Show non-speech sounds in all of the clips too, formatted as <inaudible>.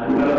àdúgbò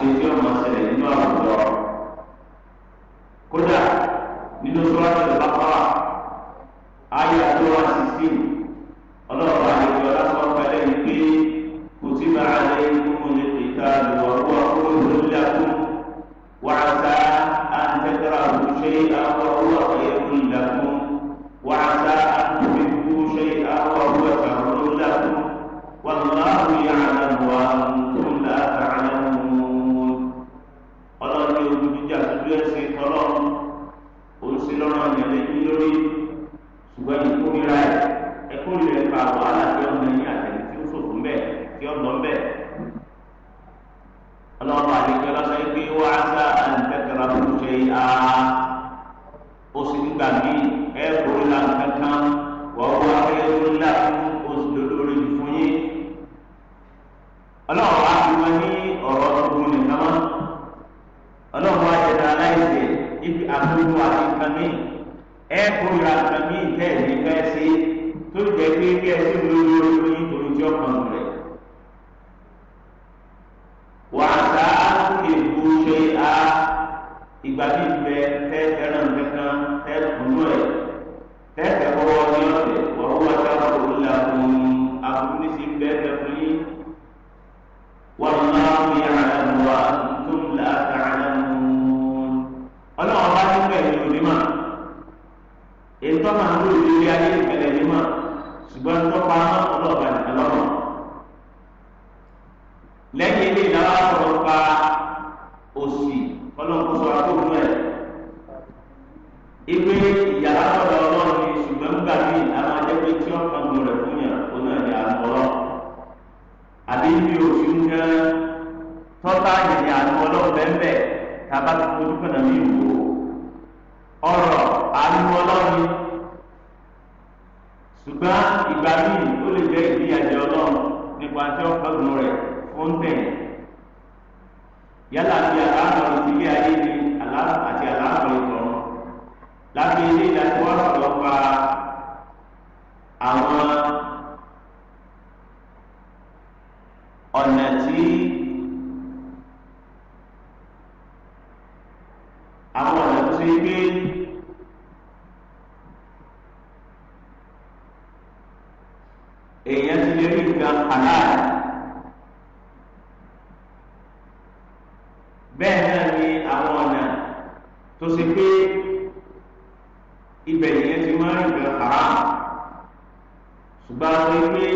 ṣe bí ọmọ ṣẹlẹ̀ nínú àwùjọ kódà nínú sọ́wọ́n bẹ́ẹ̀ náà ni àwọn ọ̀nà tó ṣe pé ibẹ̀ nìyẹn ti máa ń rìn gan ṣùgbọ́n a sọ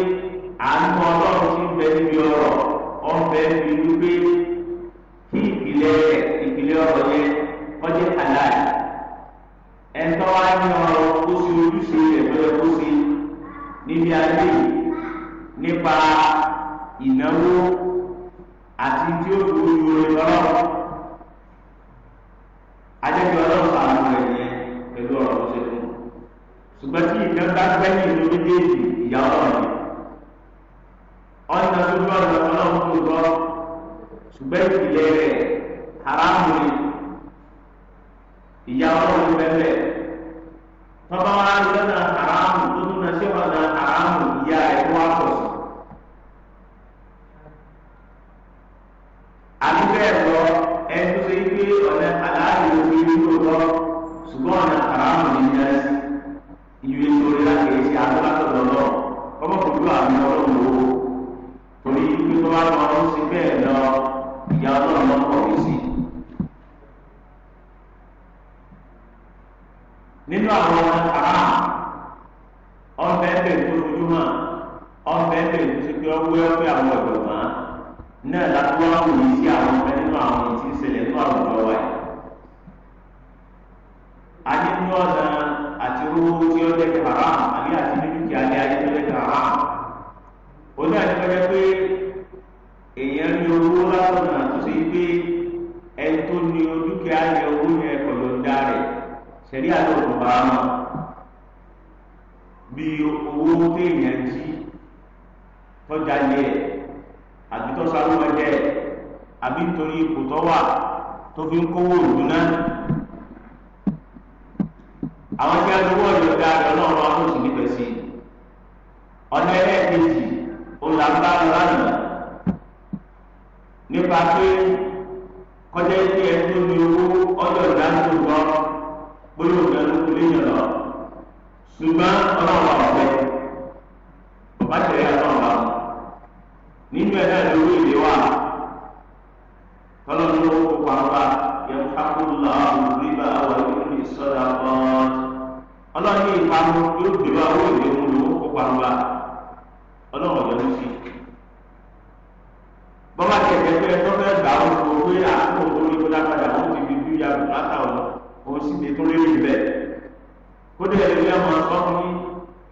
kódà ẹni bí àwọn akọ́kùnrin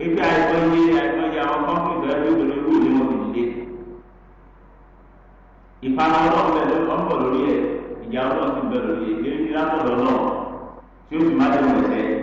ebi àìkọ́ iye àìkọ́ iye àwọn akọ́kùnrin tó òdòdó ìlú ìlú wọn ti dé ọlọ́run bẹ̀rẹ̀ ọ̀pọ̀ lórí ẹ̀ ìjà ọlọ́run ti bẹ̀rẹ̀ lórí ẹ̀ kí ló ti náà tí ó sì má dé wọn ẹ̀sẹ̀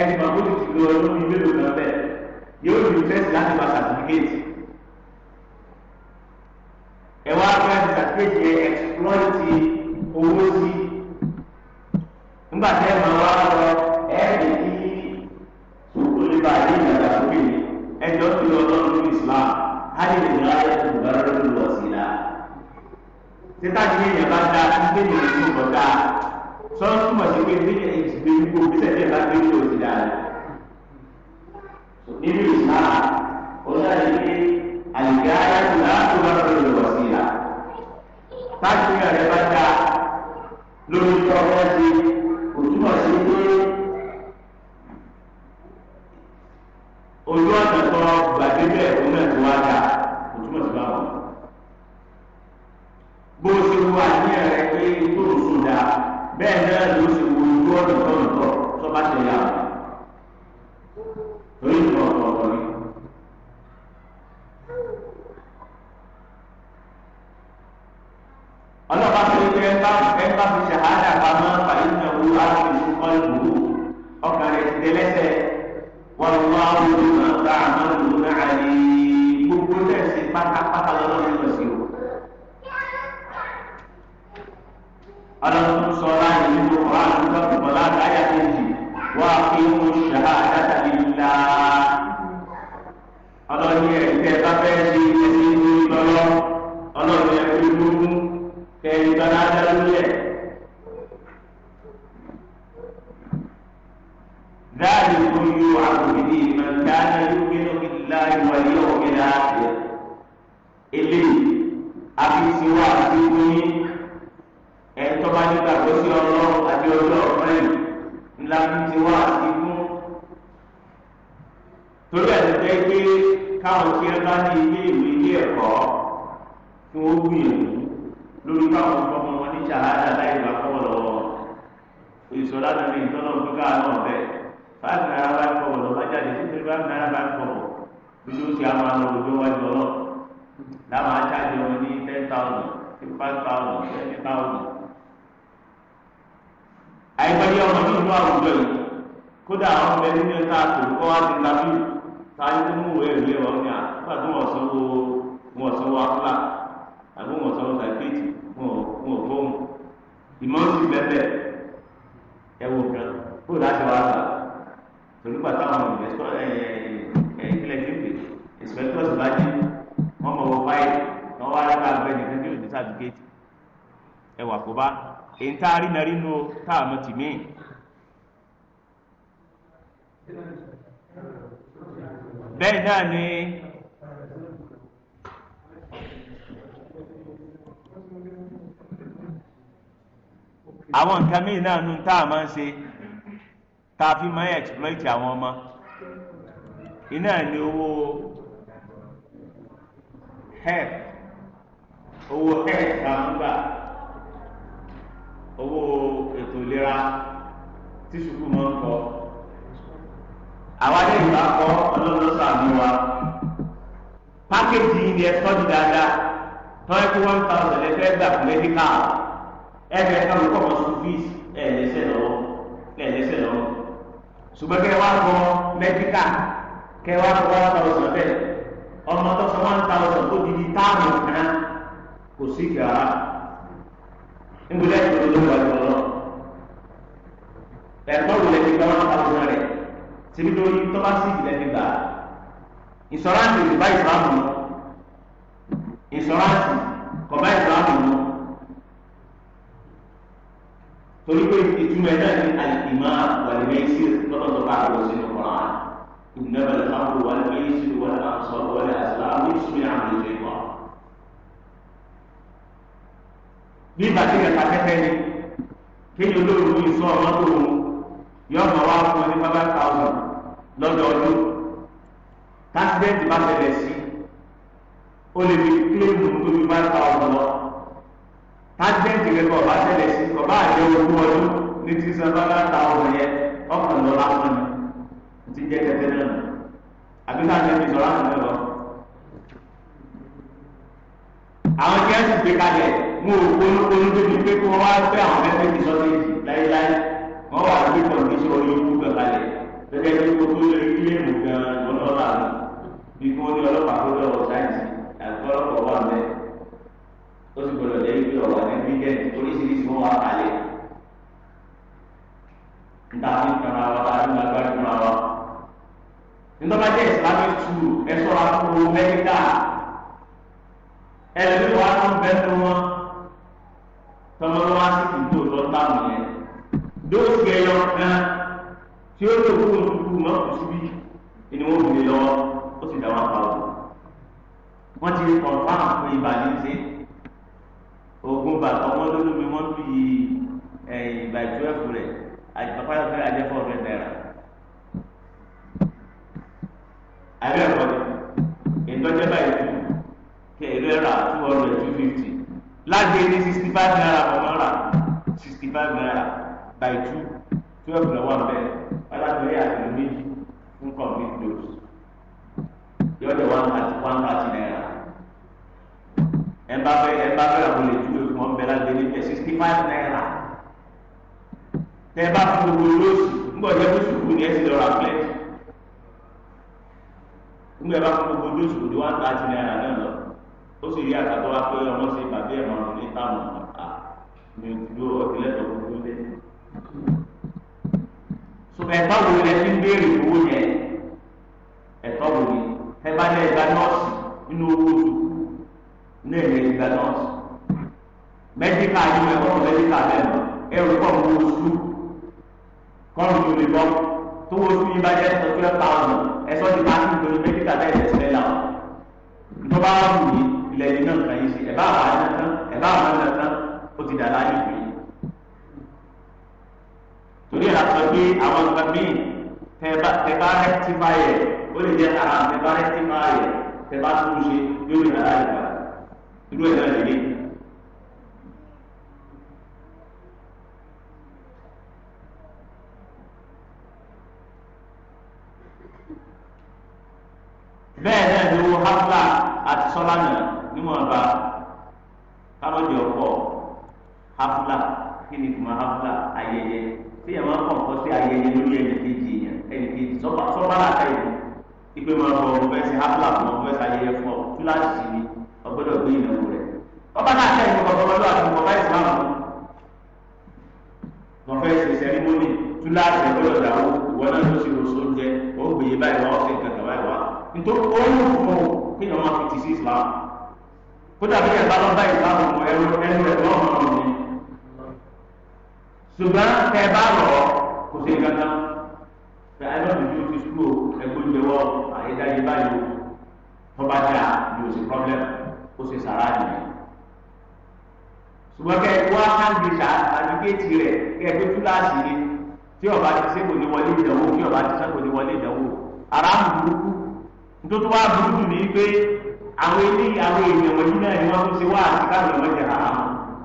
ẹni màá bóyá ti lo ọdún bíi mélòó kan bẹ́ẹ̀ yóò di tẹ́sí láti máa sàtìfíkẹ́tì ẹ wá fẹ́ sàtìfíkẹ́tì yẹn ẹ̀kúrọ́ọ̀tì owó sí nígbà tẹ́ ẹ máa wá lọ ẹ lè kí olè bá yé ìyàrá sókè ẹ jọ ti lọ lọ́nà ní Islam hali lè ní ayé tó bá lọ́dún lọ sí la títà ní èèyàn bá dáa tí bẹ́ẹ̀ ni èèyàn bá dáa sọ́ọ́ túmọ̀ sí pé bí èèyàn ti gbé gbogbo bí sẹ́yìn bá gbé nígbà táwọn ìgbẹ́sọ̀ ẹ̀ẹ́dẹ́gbẹ̀ inspectors bá dé wọ́n mọ̀ wọ́n báyìí wọ́n wá rẹ́ bá gbẹ́ nìkan tí ò ní sàdúgẹ́tì ẹ̀wà kó bá èyí tá a rí nàrí nu táwọn ọmọ tì mí. bẹ́ẹ̀ náà ni àwọn nǹkan míì náà nu ń ṣe. tá a fi máa àwọn ọmọ iná ní owó help owó help owó ètò ìlera tí sùkúù máa ń kọ àwa ní ìgbà kọ wa pákéjì ni ẹ tọ́jú one thousand ẹ fẹ́ gbà fún medical ṣùgbọ́n kẹ́ wá gbọ́ mẹ́tíkà kẹ́ wá gbọ́ one thousand bẹ́ẹ̀ ọmọ tó sọ one thousand tó di di táàmù kan kò sí kìlára ńgbọ́dọ̀ ìṣòro ló wà lọ́wọ́ ẹ̀kọ́ ló lè fi gbọ́ one thousand rẹ̀ síbi tó yí tó bá sí ìlẹ̀ nígbà ìsọ̀ráǹtì ìbá ìsọ̀ráǹtì ìsọ̀ráǹtì kọ̀ọ̀bá ìsọ̀ráǹtì. torí pé ìtumọ̀ ẹ̀ náà ní àlìmá wàlìmẹ́sì lọ́dọ̀ tó bá àwọn sínú kọ́ra ìdúnnàbẹ̀lẹ̀ fáwọn wàlìmẹ́sì wọlé àṣọ wọlé àṣọ àwọn ìṣúná àwọn ìṣe kọ́. bí bàtí rẹ̀ pàtẹ́tẹ́ ni kéde olóòrùn yìí sọ ọmọ tó wù yọ ọmọ wa fún ọ ní five lọ́dọọdún tásídẹ́ǹtì bá ṣẹlẹ̀ sí ó tájẹ́ǹtì rẹ̀ kọ̀ bá tẹ̀lé sí kọ̀ bá àjẹ ogún ọdún ní ti sọ lọ́la ta ọmọ yẹn ọkàn lọ lásán ni ti jẹ́ tẹ́tẹ́ náà nù àbí ká tẹ̀lé sọ lásán lọ. àwọn jẹ́ sì gbé kalẹ̀ mú òkúnú kónú débi pé kí wọ́n wá fẹ́ àwọn mẹ́fẹ́ ti sọ́dọ̀ èyí láéláé wọ́n wà ní kọ̀ǹdíṣọ̀ orí ikú kankalẹ̀ gẹ́gẹ́ bí gbogbo ilé ìwòkan lọ́lọ́lá bí kí wọ́n ní ọlọ́pàá tó lọ́wọ́ ọlọ́pàá ó sì gbọdọ̀ jẹ́ ibi ọ̀rọ̀ ní wíkẹ́ndì oríṣiríṣi wọn wà kálẹ̀ níta fi ń tẹ̀ra wa láti máa gbá ìtura wa nítorí jẹ́ islamic tool ẹ sọ̀rọ̀ àkókò mẹ́ríkà ẹlẹ́dẹ́ wa tó ń bẹ́ fún wọn tọ́lọ́lọ́ wá sí ìdó lọ́tà nìyẹn dóòsì ẹyọ kan tí ó lò fún olùkú oògùn bá ọmọ lólómi wọn fi ẹ̀yìn ìgbà ìjọ ẹfù rẹ àjùpápá fẹ àjẹpọ rẹ náírà àbẹ ẹ̀kọ́ ni báyìí tù kẹ ẹrọ ẹrà two hundred two fifty láti ẹni sixty five naira ọmọ rà sixty five naira by two twelve lọ one bẹ́ẹ̀ ọlábẹrẹ àti méjì fún complete dose yọjọ one thirty one thirty naira ẹ bá fẹ́ ẹ bá fẹ́ làwọn lè bá gbé níbẹ̀ sixty five naira tẹ́ bá fún gbogbo lóṣù ńgbọ̀ jẹ́ kó sùkúrù ní ẹ̀sìn lọ́ra plẹ̀tì ńgbẹ̀ bá fún gbogbo lóṣù ní one thirty naira náà lọ ó sì rí àtàtọ́ wa pé ọmọ sí bàbá ẹ̀ máa ní táwọn ọ̀tá mi ò dúró ọtí lẹ́tọ̀ọ́ gbogbo lẹ́ so ẹ̀tọ́ wo lẹ ti ń béèrè owó yẹn ẹ̀tọ́ wo ni ẹ bá lẹ́ gba nọ́ọ̀sì nínú owó oṣù náà lẹ́ gba nọ́ọ̀sì mẹdíkà yìí mẹ kọrọ mẹdíkà bẹ́ẹ̀ ẹ rò kọ owó oṣù kọrọ tó lè bọ tó owó oṣù yìí bá jẹ ẹsọ twelve thousand ẹsọ ti bá tún lórí mẹdíkà bẹ́ẹ̀ ẹsẹ fẹ la ntọ́ bá wà wù yìí ilẹ̀ yìí náà kàn yín sí ẹ bá wà á nàkán ẹ bá wà á nàkán ó ti dà láyé ìwé torí ẹ̀ lásán pé àwọn nǹkan míì tẹ bá rectify ẹ̀ ó lè jẹ́ bẹ́ẹ̀ náà ni owó hafla àti hafla kí ni hafla ayẹyẹ tí yẹn máa kàn sí ayẹyẹ lórí ẹni kejì yẹn ẹni kejì sọ́bà látàyè ìpè máa bọ̀ ọ̀hún fẹ́ sí hafla fún ọ̀hún fẹ́ sí ayẹyẹ fún ọ̀ kíláàsì ni ọgbọ́dọ̀ gbé ìnáwó rẹ̀ fẹ́ ṣe túláàsì ẹgbẹ́ ọ̀dà wọn náà ló ṣe nítorí oyún fún ọ kí ni wọn fi ti sí islam kódà bí ẹ bá lọ bá islam mọ ẹrú ẹrú ẹ lọ mọ ọmọ mi ṣùgbọ́n tẹ ẹ bá lọ kò sí gángan tẹ ẹ lọ́dún yóò ti sùkúrò ẹgbẹ́ ìgbẹ́ wọ àyídáyé báyìí tọ́ba dà yóò sí problem ó sì sàrà nìyẹn ṣùgbọ́n kẹ wá sáńdì ṣá àdìgẹ́tì rẹ̀ kẹ tó túláàsì ni tí ọba ti sẹ́kò ní wọlé ìdánwò tí ọba ti sẹ́kò ní wọlé ìdánwò aráàlú burúkú nítorí wàá burúkú ni pé àwọn ilé àwọn èèyàn wọ̀nyí náà ni wọ́n tún ṣe wá àti káwọn ọmọ jẹ̀rà hàn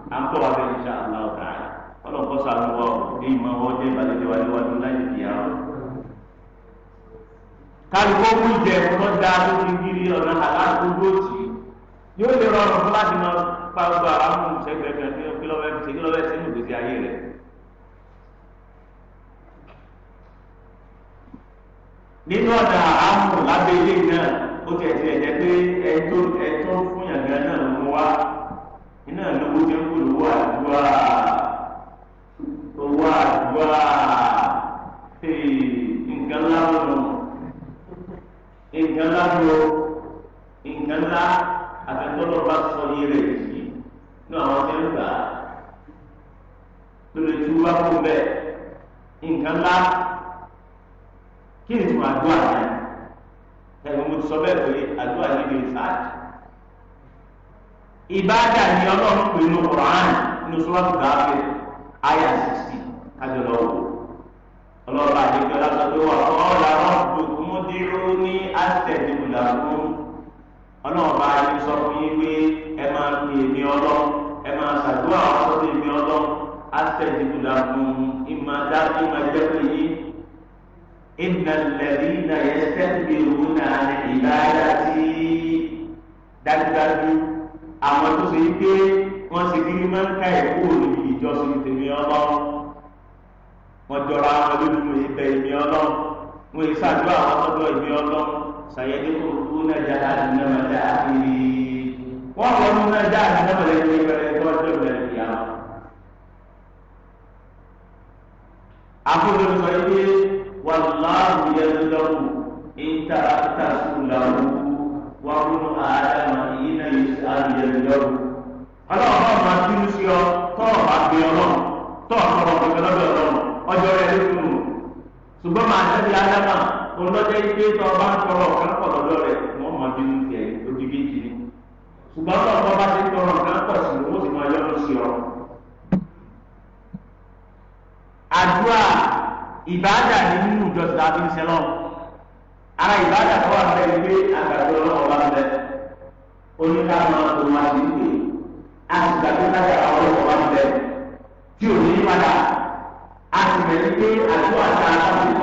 à ń tọ́ wa bẹ́ẹ̀ insha de ta'ala ọlọ́kọ́ sàánú wa ní ìmọ̀ wọn jẹ́ ìbàlẹ̀ wájú wájú láyé ìyá wọn. kálukó kú ìjẹ wọn dá lórí gírí ọ̀nà àlàáfù lóòtì yóò lè rọrùn fún láti máa pa gbogbo àwọn ọmọ ìṣẹ́gbẹ̀ẹ́ nínú ọ̀nà àmù lábẹ́lé náà ó ti ẹ̀sìn ẹ̀jẹ̀ pé ẹ̀tọ́ ẹ̀tọ́ fún yàgá náà mú wá iná lówó jẹ́ kó lówó àdúrà lówó àdúrà nǹkan nǹkan nǹkan àtẹ̀tọ́lọ́ bá sọ rẹ̀ ní àwọn gbà kí ni mo àdúrà yẹn ẹ̀rọ mo sọ bẹ́ẹ̀ pé àdúrà yẹn lè sáàjì ìbáàdà ni ọlọ́run pè ní Qur'an ní sọ́wọ́tò gáfẹ́ àyà sixty kájọ lọ́wọ́ ọlọ́run àdéjọ́ lásán pé wà ọ́ làwọn gbogbo dúró ní àtẹ̀dẹ̀wò làwọn ọlọ́run bá yẹ sọ fún yín pé ẹ máa pè mí ọlọ́run ẹ máa ṣàdúrà ọ̀sọ́ sí mi ọlọ́run àtẹ̀dẹ̀wò làwọn ìmọ̀ dájú ìmọ̀ ẹgbẹ́ pé إن الذين يستكبرون عن عبادتي dájúdájú àwọn tó ṣe pé wọ́n ṣe kí ní máa ń ká ẹ̀kọ́ níbi ìjọsìn tèmi ọlọ́run wọ́n jọra wọn lójú wọn ìbẹ̀ ìmí ọlọ́run wọn èyí ṣàdúrà àwọn ọmọdé ìmí ọlọ́run ṣàyẹ̀dẹ́ kò kú náà já àdínà máa dá àkiri wọ́n wọ́n mú náà já àdínà máa lẹ́yìn ìbẹ̀rẹ̀ tó ọjọ́ ìbẹ̀rẹ̀ ìyá wọn. àkójọ sọ yìí والله يرزق إن تركته له وابن آدم حين يسأل na ọlọ́ọ̀bá máa na bínú sí ọ tọ́ọ̀ bá gbé ọ náà tọ́ọ̀ sọ̀rọ̀ gbẹ̀gbẹ̀ lọ́dọ̀ ọ̀rọ̀ ọjọ́ rẹ̀ ló kùnú ṣùgbọ́n ọjọọ, tẹ́lẹ̀ ádámà ìbáàdà ni nínú ìjọsìn láti ń sẹlọ ara ìbáàdà tó wà bẹ́ẹ̀ ni pé àgbàdo ọlọ́wọ́ bá ń bẹ oníkàmọ́ tó máa ti ń pè àgbàdo kájà ọlọ́wọ́ bá bẹ tí ò ní padà àtìmẹ́lí àti wàhálà á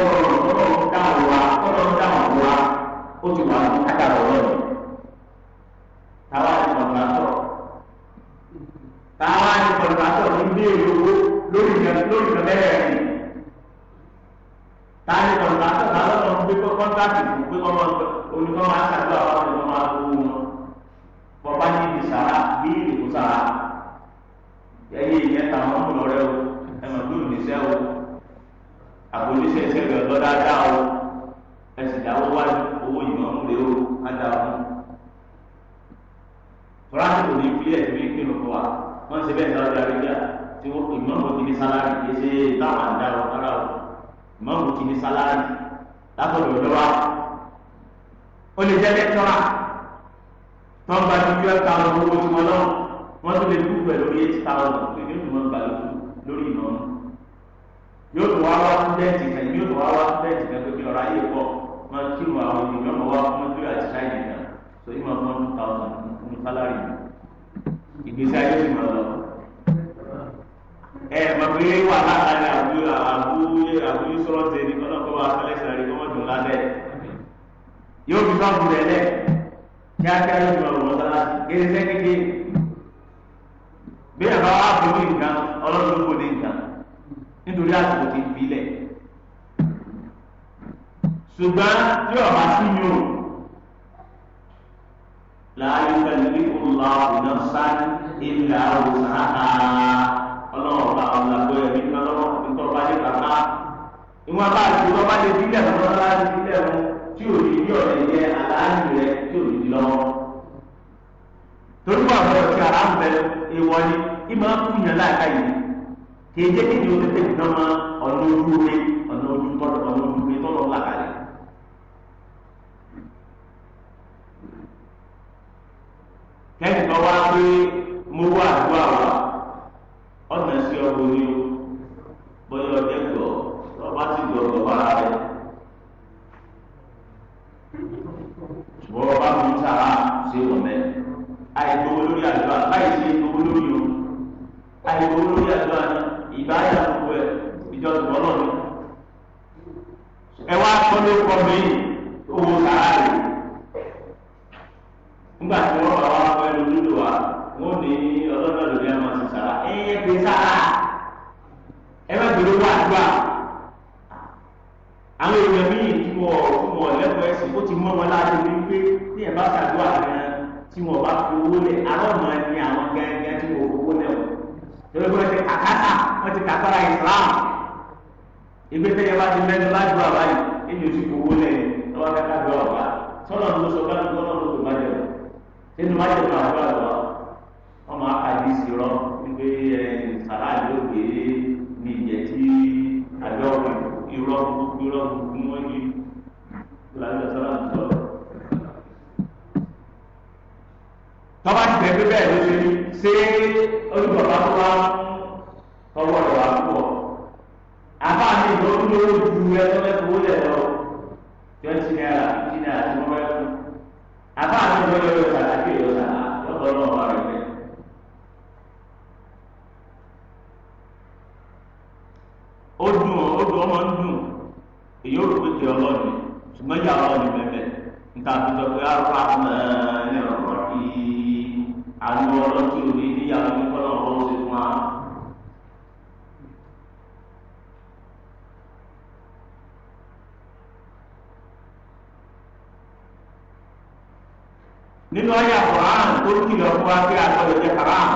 àwọn èèyàn míì tí wọn tí wọn lẹ́kọ̀ọ́ ẹ̀sìn ó ti mọ́ wọn láti rí pé tí ẹ̀ bá ṣàdúrà gan tí wọn bá fi owó lẹ̀ àwọn ọmọ ẹni àwọn gẹ́gẹ́ tí wọn owó lẹ̀ wọ̀ lórí wọn ti kàkátà wọn ti kàkàrà Islam ìgbé tẹ́yẹ bá ti mẹ́nu lájú àbá yìí èyí ò sì owó lẹ̀ lọ́wọ́ fẹ́ ká gbọ́ ọ̀gá sọ́nà ló sọ báyìí lọ́nà ló tó bàjẹ́ lọ nínú bàjẹ́ lọ àbúrò àlọ́ wọn máa ka di sí rọ wípé sàrà yóò gbé ní ìjẹ́ tí àjọ ìrọ̀rùn gbogbo ìrọ̀rùn gbogbo wọn ní ìlànà sọ́lá ń sọ. tọ́ba ti tẹ̀ pé bẹ́ẹ̀ ló ṣe ṣé olùkọ́ bá tó wá ọwọ́ rẹ̀ wá pọ̀ àbá mi ìlú ọdún ló ju ẹgbẹ́ mẹ́fọ́ ó lẹ̀ lọ twenty naira fifty naira tí wọ́n bá fún àbá mi ìlú ọdún ló ṣàlàyé ìlú ọ̀sán lọ́dọ̀ ọ̀rọ̀ rẹ̀ èyí ò rò pé ṣe ọlọ́ọ̀ni ṣùgbọ́n ìyá ọlọ́ọ̀ni bẹ̀bẹ̀ níta tó sọ pé àrùkà mẹ́rin ọ̀rọ̀ kí àwọn ọlọ́tí ò ní níyàwó ní kọ́lọ́ ọ̀rọ̀ ṣe fún wa. nínú ayé àkùrán tó kìlọ̀ fún wa pé àgbọ̀dọ̀ jẹ́ kàrán.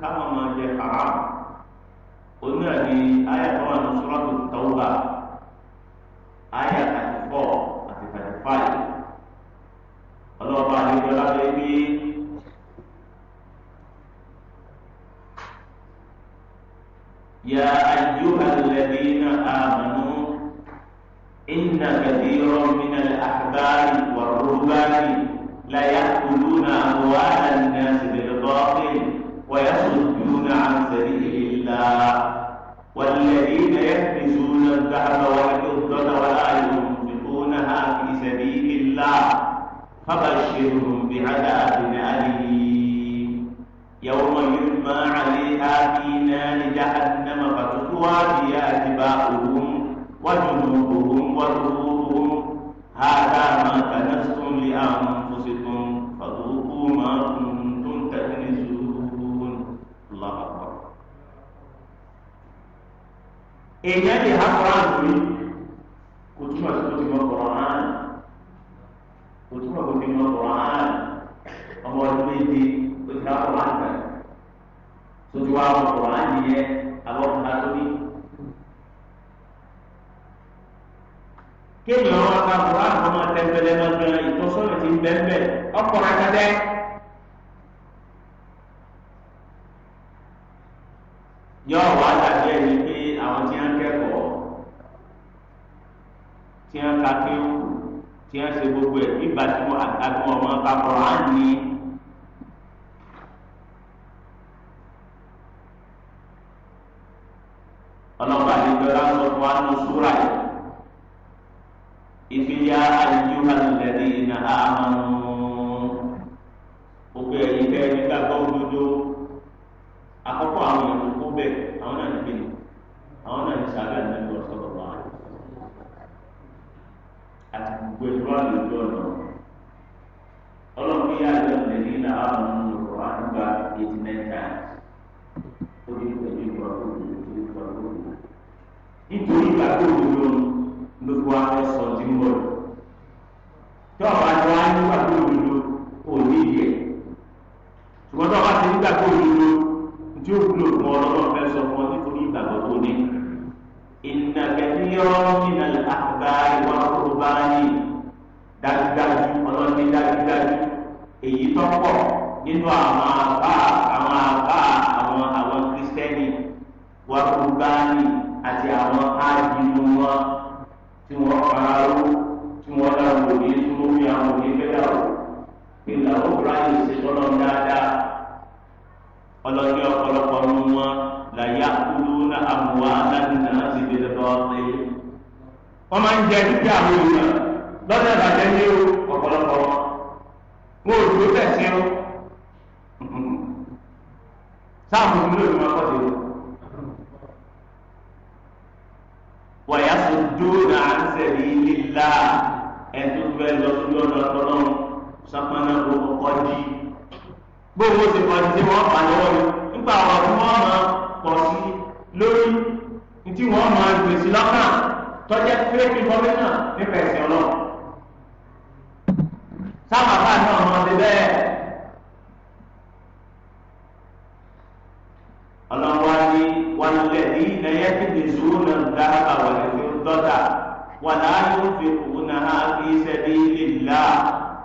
káwọn máa jẹ haram oní àbí ayàtọ̀ wà ní sọ́rọ́tò tọ́wọ́bà ayà thirty four àti thirty five ọlọ́ọ̀bá àlejò lábẹ́ bí. يا أيها الذين آمنوا إن كثيرا من الأحبار والرهبان ليأتون الذهب والفضة ولا ينفقونها في سبيل الله فبشرهم بعذاب èèyàn lè ha koran lórí kò túmọ̀ sí kò ti mọ̀ koran kò túmọ̀ kò ti mọ̀ koran ọmọ ọdún méje kò ti ha koran kan tó ti wá ọmọ koran nìyẹn àbọ̀ ọ̀gá lórí. kéèyàn ọmọ ọba koran ọmọ tẹ̀pẹ̀lẹ̀ lọ́jọ́ ìtọ́sọ́nà ti ń bẹ́ẹ̀ bẹ́ẹ̀ ọkọ̀ rẹ̀ kẹ́tẹ́. tí wọ́n ṣe gbogbo ẹ̀ nígbà tí wọ́n àgbọn ọmọ kakọ̀ á ní.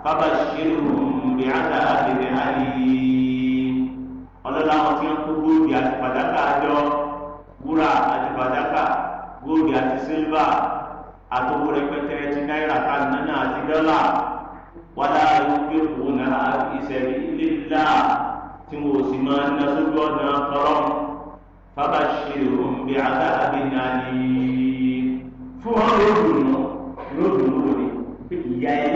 fabashirhum bi'adhabin alim ọlọ́lá wọn fi ń kó góòlù àti fàdákà àjọ wúrà àti fàdákà góòlù àti sílvà àtòwò rẹpẹtẹ ti náírà kan náà àti dọ́là wàlá ìwúgbé kò náà ìṣẹ̀lẹ̀ ilé ńlá tí wọn ò sì máa ń ná sójú ọ̀nà ọlọ́run fabashirhum bi'adhabin alim fún wọn yóò dùn ún yóò dùn ún lórí ìyá ẹ̀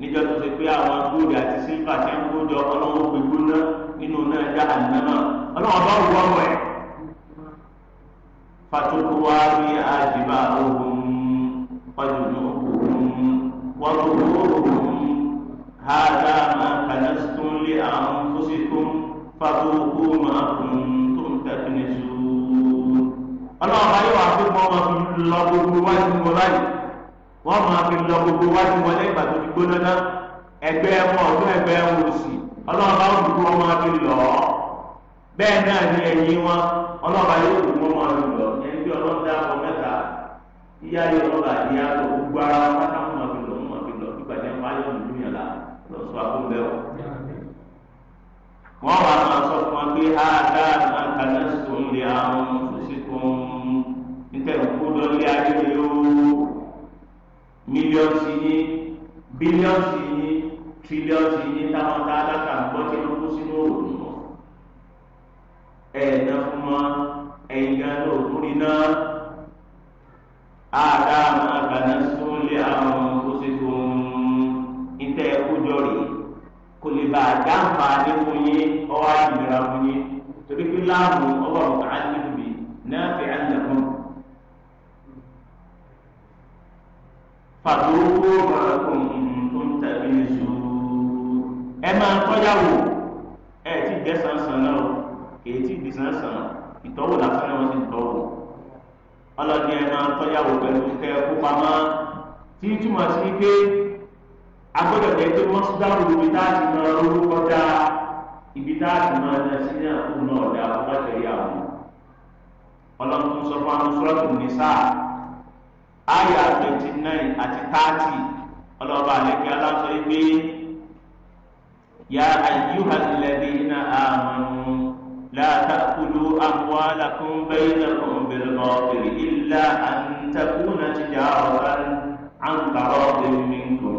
níjọ́ tó ṣe pé àwọn góòdù àti sílvà ṣe ń kó jọ ọlọ́run gbé gbóná nínú náà já àná náà ọlọ́run bá wù ọ̀rọ̀ ẹ̀. fàtúkú wá rí àjìbá ogun pàjùjù ogun wọ́n tó wó ogun hàdá máa kàdá tó ń lé àwọn tó sì tó kùn tó ń tẹ̀síwò. ọlọ́run bá yóò wá pé wọ́n máa fi lọ gbogbo wájú wọn báyìí. wọ́n máa fi lọ gbogbo wájú wọn lẹ́yìn ìgbà tó ti gbóná ná ẹgbẹ́ wọn ọdún ẹgbẹ́ wọn òsì ọlọ́ọ̀bá òdùkú máa fi lọ ọ́ bẹ́ẹ̀ náà ni ẹ̀yìn wọn máa fi lọ ẹni tí ọ mẹ́ta ìyá bá gbogbo ara wọn wọn máa fi lọ wọn máa fi lọ mílíọ̀n sí yín bílíọ̀n sí yín tírílíọ̀n sí yín táwọn tá a dáka gbọ́ tí wọ́n kó sínú òòrùn mọ́ ẹ̀ẹ́dá fún mọ́ ẹ̀yìn gan ló kúrin náà àdá àwọn àgbàdo sóńlé àwọn tó ṣe fún ìtẹ́ ẹ̀kújọ rèé kò lè bá a dáǹfà ní fún yín ọwọ́ àyìnbẹ̀rẹ̀ fún yín torí pé láàmú ọgbà ọ̀gá á níbi náà fi àyìnbẹ̀rẹ̀. fàdúró máa kún tó tẹ̀lé ìṣó ẹ máa ẹ ti gbẹ sànsàn náà kèé ti gbẹ sànsàn ìtọ́wò lásán ni wọ́n tọ́wò ọlọ́ni ẹ máa tọ́yàwó pẹ̀lú kẹ kó pamọ́ tí túmọ̀ sí pé agbọ́dọ̀ jẹ́ pé wọ́n ibi tá a ti ibi tá a ti sí náà náà àwọn ọlọ́run sọ fún àyà twenty nine àti thirty ọlọ́ba àlẹ́kẹ́ aláṣọ ìgbé ya ayyuha alladhina amanu la ta'kulu amwalakum baynakum bil batil illa an takuna tijaratan an taradin minkum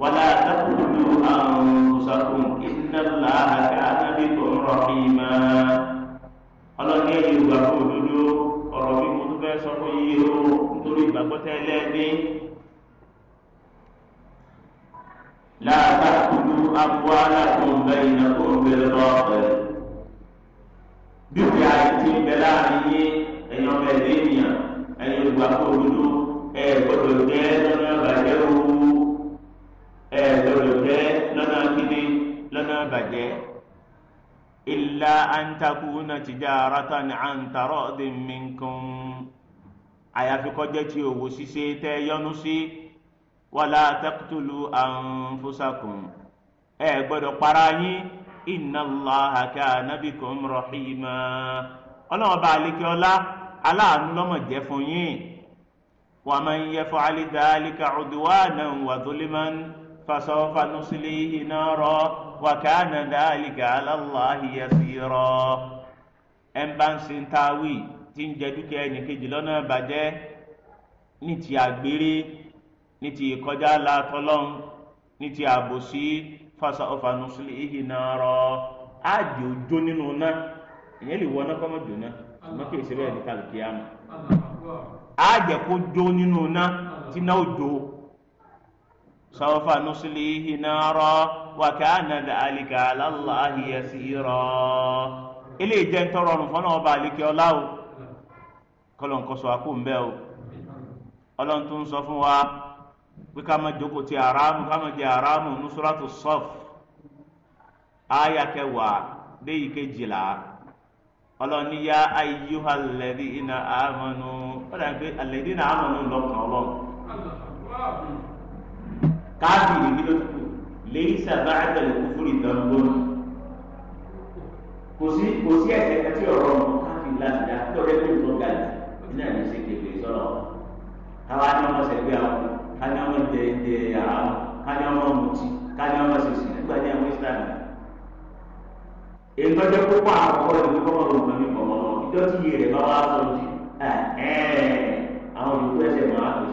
wala taqtulu anfusakum inna allaha kana bikum rahima ọlọ́ni ẹ̀yìn ìgbà fún òdodo ọ̀rọ̀ bí mo tún fẹ́ sọ fún yìí gbogbo ìgbàgbọ́ tẹ́lẹ̀ ní. láàbà kúlú abúlé alákòóbẹ ìnákòóbẹ lọ́ọ̀bẹ. dúkìá ti ń bẹ láàrin yín ẹ̀yàn bẹ́ẹ̀ lẹ́yìn ẹ̀yìn ìgbàgbọ́ òdodo ẹ̀ gbọ́dọ̀ jẹ́ lọ́nà àbàjẹ́ owó ẹ̀ gbọ́dọ̀ jẹ́ lọ́nà kíni lọ́nà àbàjẹ́ illa an takuna tijaratan an taradin minkum àyàfi kọjá tí òwò ṣíṣe tẹ́ yọ́nú sí wàlá taqtulu anfusakum ẹ gbọ́dọ̀ para yín inna Allaha kana bikum rahima ọlọ́wọ́n bá alékè ọlá aláàánú lọ́mọ jẹ́ fún yín wa man yaf'al dhalika udwanan wa dhulman fasawfa nuslihi nara wa kana dhalika ala Allahi yasira ẹ̀ ń bá ń sin táwí tí ń jẹ dúkìá ẹnìkejì lọ́nà ìbàjẹ́ ní ti àgbèrè ní ti ìkọjá látọlọ́n ní ti àbòsí fasa ọfà nùsùlẹ̀ ìhì náà rọ áàdì òjò nínú náà ìyẹn lè wọ náà kọ́mọ jò náà ṣùgbọ́n kì í ṣe bẹ́ẹ̀ ní kálukì àmọ́ áàjẹ kó jó nínú náà tí náà jò sọfà nùsùlẹ̀ ìhì náà rọ wàkàánà dàlíkà aláàlá àhìyẹsì rọ ilé ìjẹun tọrọrùn fọlọ́wọ́ bá àlíkẹ́ ọláwọ́ kọlọ́n kọ́ sọ akó ń bẹ́ o ọlọ́run tún sọ fún wa pé ká má jókòó ti aráàmù ká má jẹ aráàmù nusuratu sọf àyà kẹwàá déyìí kejìlá ọlọ́run ní yá ayyuha alladhina amanu ọ̀dà pé alladhina amanu lọ́kàn ọlọ́run káàkiri ní ló kù lẹ́yìn sábà àtẹlẹ kúfúrì dandan kò sí kò sí ẹsẹ̀ kẹtí ọ̀rọ̀ káàkiri láti dá tó rẹ lọ gàdí ilé ẹ̀mí ṣe kékeré sọ̀rọ̀ káwá ní ọmọ ṣẹgbẹ́ àwọn ká ní ọmọ jẹ ìdè yàrá wọn ká ní ọmọ mutí ká ní ọmọ ṣèṣì nígbà ní ẹ̀mí Islam. èyí tọ́jú púpọ̀ àkọ́kọ́ rẹ̀ ní kọ́mọ́ lóun kàmí kọ̀mọ́ ìjọ tí iye rẹ̀ bá wà sọ̀rọ̀ àwọn olùkọ́ ẹsẹ̀ máa tó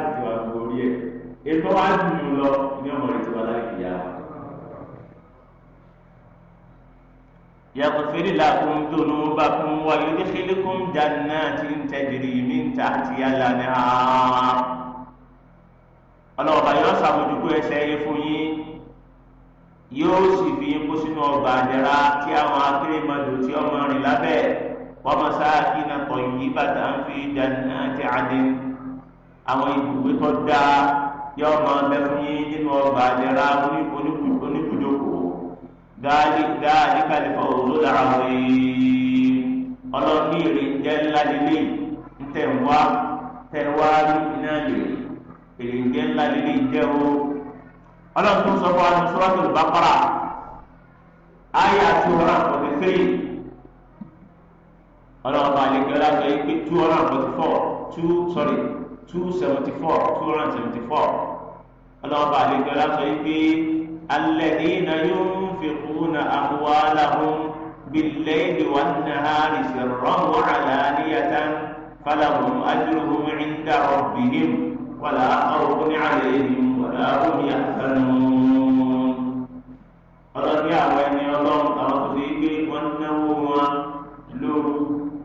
láti ju àgbo orí ètò wa ti yùn lọ ní ọmọ rẹ̀ ti wá láti kìyà. يغفر لكم ذنوبكم ويدخلكم جنات تجري من تحتها الأنهار ọlọ́ọ̀bá yóò ṣàmójúkú ẹsẹ̀ yìí fún yín yóò sì fi yín kó sínú ọgbà àjẹrà tí àwọn akérèmọdò tí ọmọ rìn lábẹ́ wọ́n mọ̀ sáà kí n yìí bàtà ń fi jannati adin àwọn ibùgbé tó dáa yọ ọmọ ọbẹ nínú ọgbà àdẹrà oníbùdókòwò dáàlì dáàlì kàlífà òwúrò làwọn èèyàn ọlọ́ọ̀ni èrè ńlá lílé ń tẹ̀ ń wá tẹ̀ wá ńlá lílé ń jẹ́ sọ fún wa ní sọ́wọ́sọ̀ bá para ayé àti ọ̀rọ̀ àkọ́kẹ́ sẹ́yìn ọlọ́ọ̀ba àlejò yìí pé two hundred and forty four two sorry. two seventy four two hundred seventy four ọlọ́ọ̀bà àlejòlá sọ wípé alladhina yunfiquna amwalahum bil-layli wan-nahari sirran wa 'alaniyatan falahum ajruhum 'inda rabbihim wala khawfun 'alayhim wala hum yahzanun. ọlọ́dún àwọn ẹni ọlọ́run àwọn tó ṣe pé wọ́n náwó wọn lóru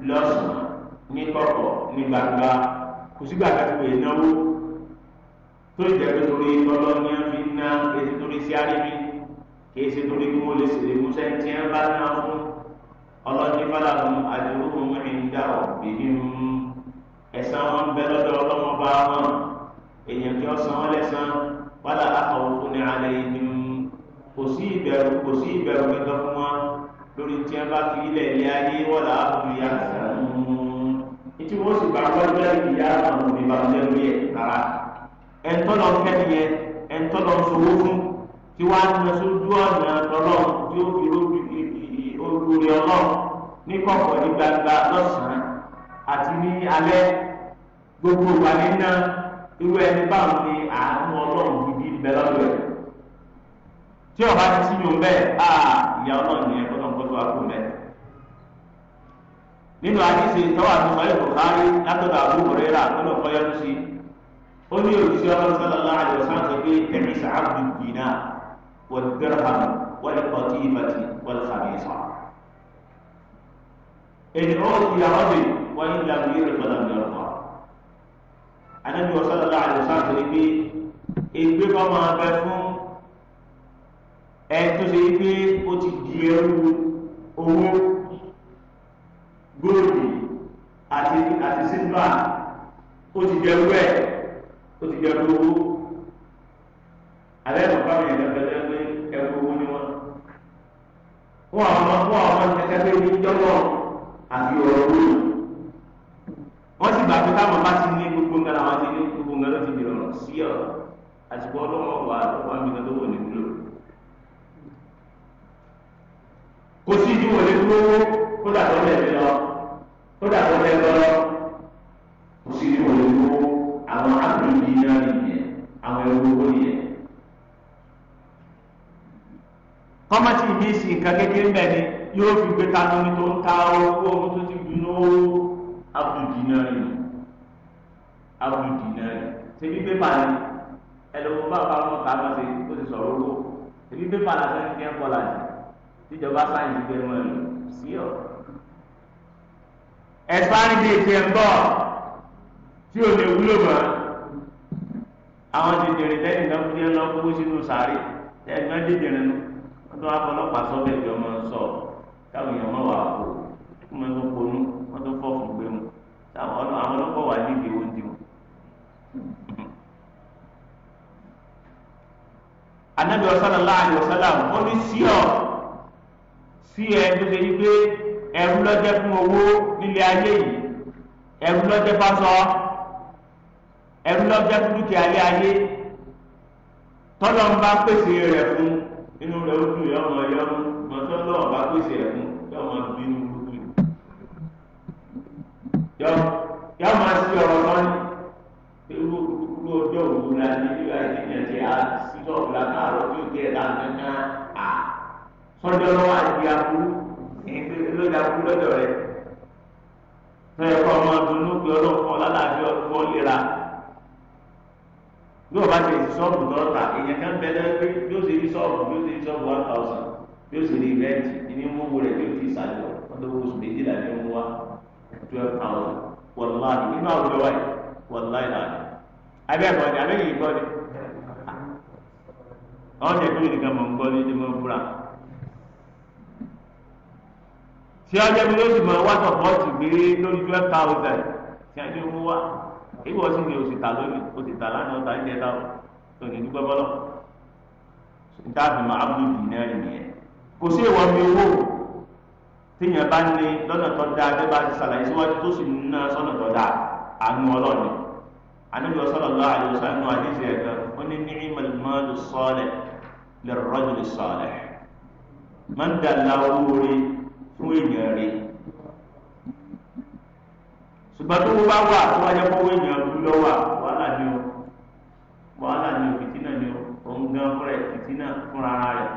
lọ́sàn-án ní kọ̀kọ̀ ní gbangba. sígbà tí kò yẹ náwó tó ìjẹ́ pé torí tọ́lọ́ ní wọ́n fi ná èsì torí sí àríwí kìí ṣe torí kí wọ́n lè ṣe lè múṣẹ́ tí wọ́n bá ná fún ọlọ́ọ̀ni fọlá fún àdúró fún ẹ̀ńdà òbí ẹ̀sán wọn bẹ lọ́dọ̀ ọlọ́mọ bá wọn èèyàn kí wọ́n san wọ́n lẹ́sàn wàlà àkàwọ̀ fún ní alẹ́ yìí kò sí ìbẹ̀rù kò sí ìbẹ̀rù kankan fún wọn lórí tí wọ́n bá fi ilẹ̀ ilé ayé wọ́n tí wọ́n sì bá lọ́jọ́ ìyá àwọn òbí bá lọ́jọ́ lórí ẹ̀ rárá ẹ̀ńtọ́ lọ fẹ́ ni yẹn ẹ̀ńtọ́ lọ sowó fún tí wàá ní sójú ọ̀nà tọ́lọ̀ tí ó fi olórí ọlọ́run ní kọ̀kọ̀ ní gbangba lọ́sàn-án àti ní alẹ́ gbogbo wa nínú irú ẹni báwọn ni àánú ọlọ́run gidi ń bẹ lọ́dọ̀ ẹ̀ tí ọba ti sí yòó bẹ́ẹ̀ á ìyá ọlọ́run ni ẹ̀kọ́ náà gbọ́dọ̀ wá kó mẹ́ẹ̀. nínú àdìsí tọ́wọ́ àtúmọ̀ ẹ̀ bùkárí látọ̀dọ̀ àbúrò rẹ̀ rà kọ́nà kọ́yọ́nù sí ó ní òjíṣẹ́ ọlọ́run sallallahu alaihi wasallam sọ pé tẹ̀mí sàábù dìínà wọ́n dirham wọ́n ti ẹni ó kọ́tí ìfàtì wọ́n rẹ̀ lọ́nà ìyọ̀rọ̀ kàmísà. wọ́n sọ́lá ó ti yàrá mi wọ́n ní ìlànà yìí rẹ̀ tọ́lá mi ọ̀pọ̀. anábì wọ́n sallallahu alaihi wasallam sọ pé ègbé bá máa bẹ fún ẹ̀ tó ṣe pé ó ti di ẹrú owó. fà ó ti dẹrú ẹ̀ o ti dẹrú owó alẹ́ mọ̀ fáwọn èèyàn lọ́jọ́ pé ẹrú owó ni wọ́n fún àwọn ọmọ fún àwọn ọmọ kẹkẹ pé ní jọ́lọ́ àbí ọ̀rọ̀ owó yìí wọ́n sì gbà pé táwọn bá ti ní gbogbo nǹkan àwọn ti ní gbogbo nǹkan ló ti di ọ̀rọ̀ sí ọ̀rọ̀ àtìkọ́ ọlọ́wọ́ wà lọ́wọ́ àmì kan tó wọ̀ kò sí ìdíwọ̀n lé dúró kó dàtọ́ lẹ́ẹ̀mí lọ kó dàtọ́ lẹ́ẹ̀mí lọ. àwọn ẹrú owó nìyẹn. kọ́mọ́tì mi sì nǹkan kékeré mẹ́ ni yóò fi gbé kanú ní tó ń ta owó ohun tó ti dùn ó abudinari abudinari ṣebí pépà ni ẹlòmọ́ bá bá wọn kà á lọ sí ó ti sọ̀rọ̀ owó ṣebí pépà la fẹ́ fi ẹ́ kọ́ la jù tíjọba sáyẹ̀nsì gbé wọn lò sí ọ. ẹ̀sán ní bíi tiẹ̀ ń bọ̀ tí ò lè wúlò mọ́ àwọn dìdìrín tẹ́lẹ̀ náà fi lọ kó sínú sàárè tẹ́lẹ̀ náà dìdìrín nu wọ́n tún wá fọ ọlọ́pàá sọ́bẹ̀ ìjọ máa ń sọ táwọn èèyàn máa wà kó fún mi tó ponú wọ́n tó fọ́ fún gbé mu àwọn ọlọ́pàá wà nídìí owó ti mu. anabi ọsán aláàdì ọsán làwọn ó ní sí ọ sí ẹ tó ṣe yí pé ẹrú lọ́jẹ́ fún owó nílé ayé yìí ẹrú lọ́jẹ́ fásọ ẹrú lọ́jọ́ dúkìá lé ayé tọ́lọ́ ń bá pèsè rẹ̀ fún inú rẹ̀ ó dùn yọmọ yọmú mọ tọ́lọ́ ń bá pèsè rẹ̀ fún yọmọ bínú gbogbo yọ yọ máa sí ọ̀rọ̀ mọ́ni irú irú ọjọ́ òru la ní irú àìsíyàn ti a síjọ́ òru la káàárọ̀ tí ò tiẹ̀ dáa kankan à sọ́jọ́ lọ́wọ́ àti aburú lọ́jà kú lọ́jọ́ rẹ̀ fẹ́ẹ́ kọ́ ọmọ dunú pé ọlọ́kọ́ lálàáfíà ọdún wọ́n lera bí o bá ti rí sọ́ọ̀bù lọ́ta èèyàn kan bẹ lẹ́yìn pé bí o ṣe rí sọ́ọ̀bù bí o ṣe rí sọ́ọ̀bù one thousand bí o ṣe rí rẹ́ǹtì ní mọ́wó rẹ̀ bí o ti ṣàjọ wọ́n oṣù méjìlá ní mú wa twelve thousand wàláhì nínú àwùjọ wa yìí wàláhì láàyè abẹ́ ẹ̀kọ́ ni abẹ́ yìí kọ́ ni àwọn tẹ̀ tó nìkan mọ̀ ń kọ́ ní ìdímọ̀ fúra tí ọjọ́ bí lóṣù mọ̀ wá ìwọ sì ni oṣù tà lónìí oṣù tà lánàá ọ̀tà ìjẹ ta tó ní dúpẹ́ bọ́lọ̀ ìtàbí máa bú ìdì náà nìyẹn kò sí ìwọ mi owó tíyẹn bá ní lọ́nà tó dáa bẹ́ẹ̀ bá ti ṣàlàyé síwájú tó sì ń ná sọ́nà tó dáa àánú ọlọ́ọ̀ni anabi sallallahu alaihi wasallam hadisi ẹka oni ni'imal malu salih lirrajuli salih man dala wuri fún èèyàn rẹ̀ ṣùgbọ́n tó bá wà tó wáyé kọ́wé ya ló lọ wà wàhálà ni o wàhálà ni o fìtínà ni o òun gan fúnra ẹ̀ fìtínà fúnra ara rẹ̀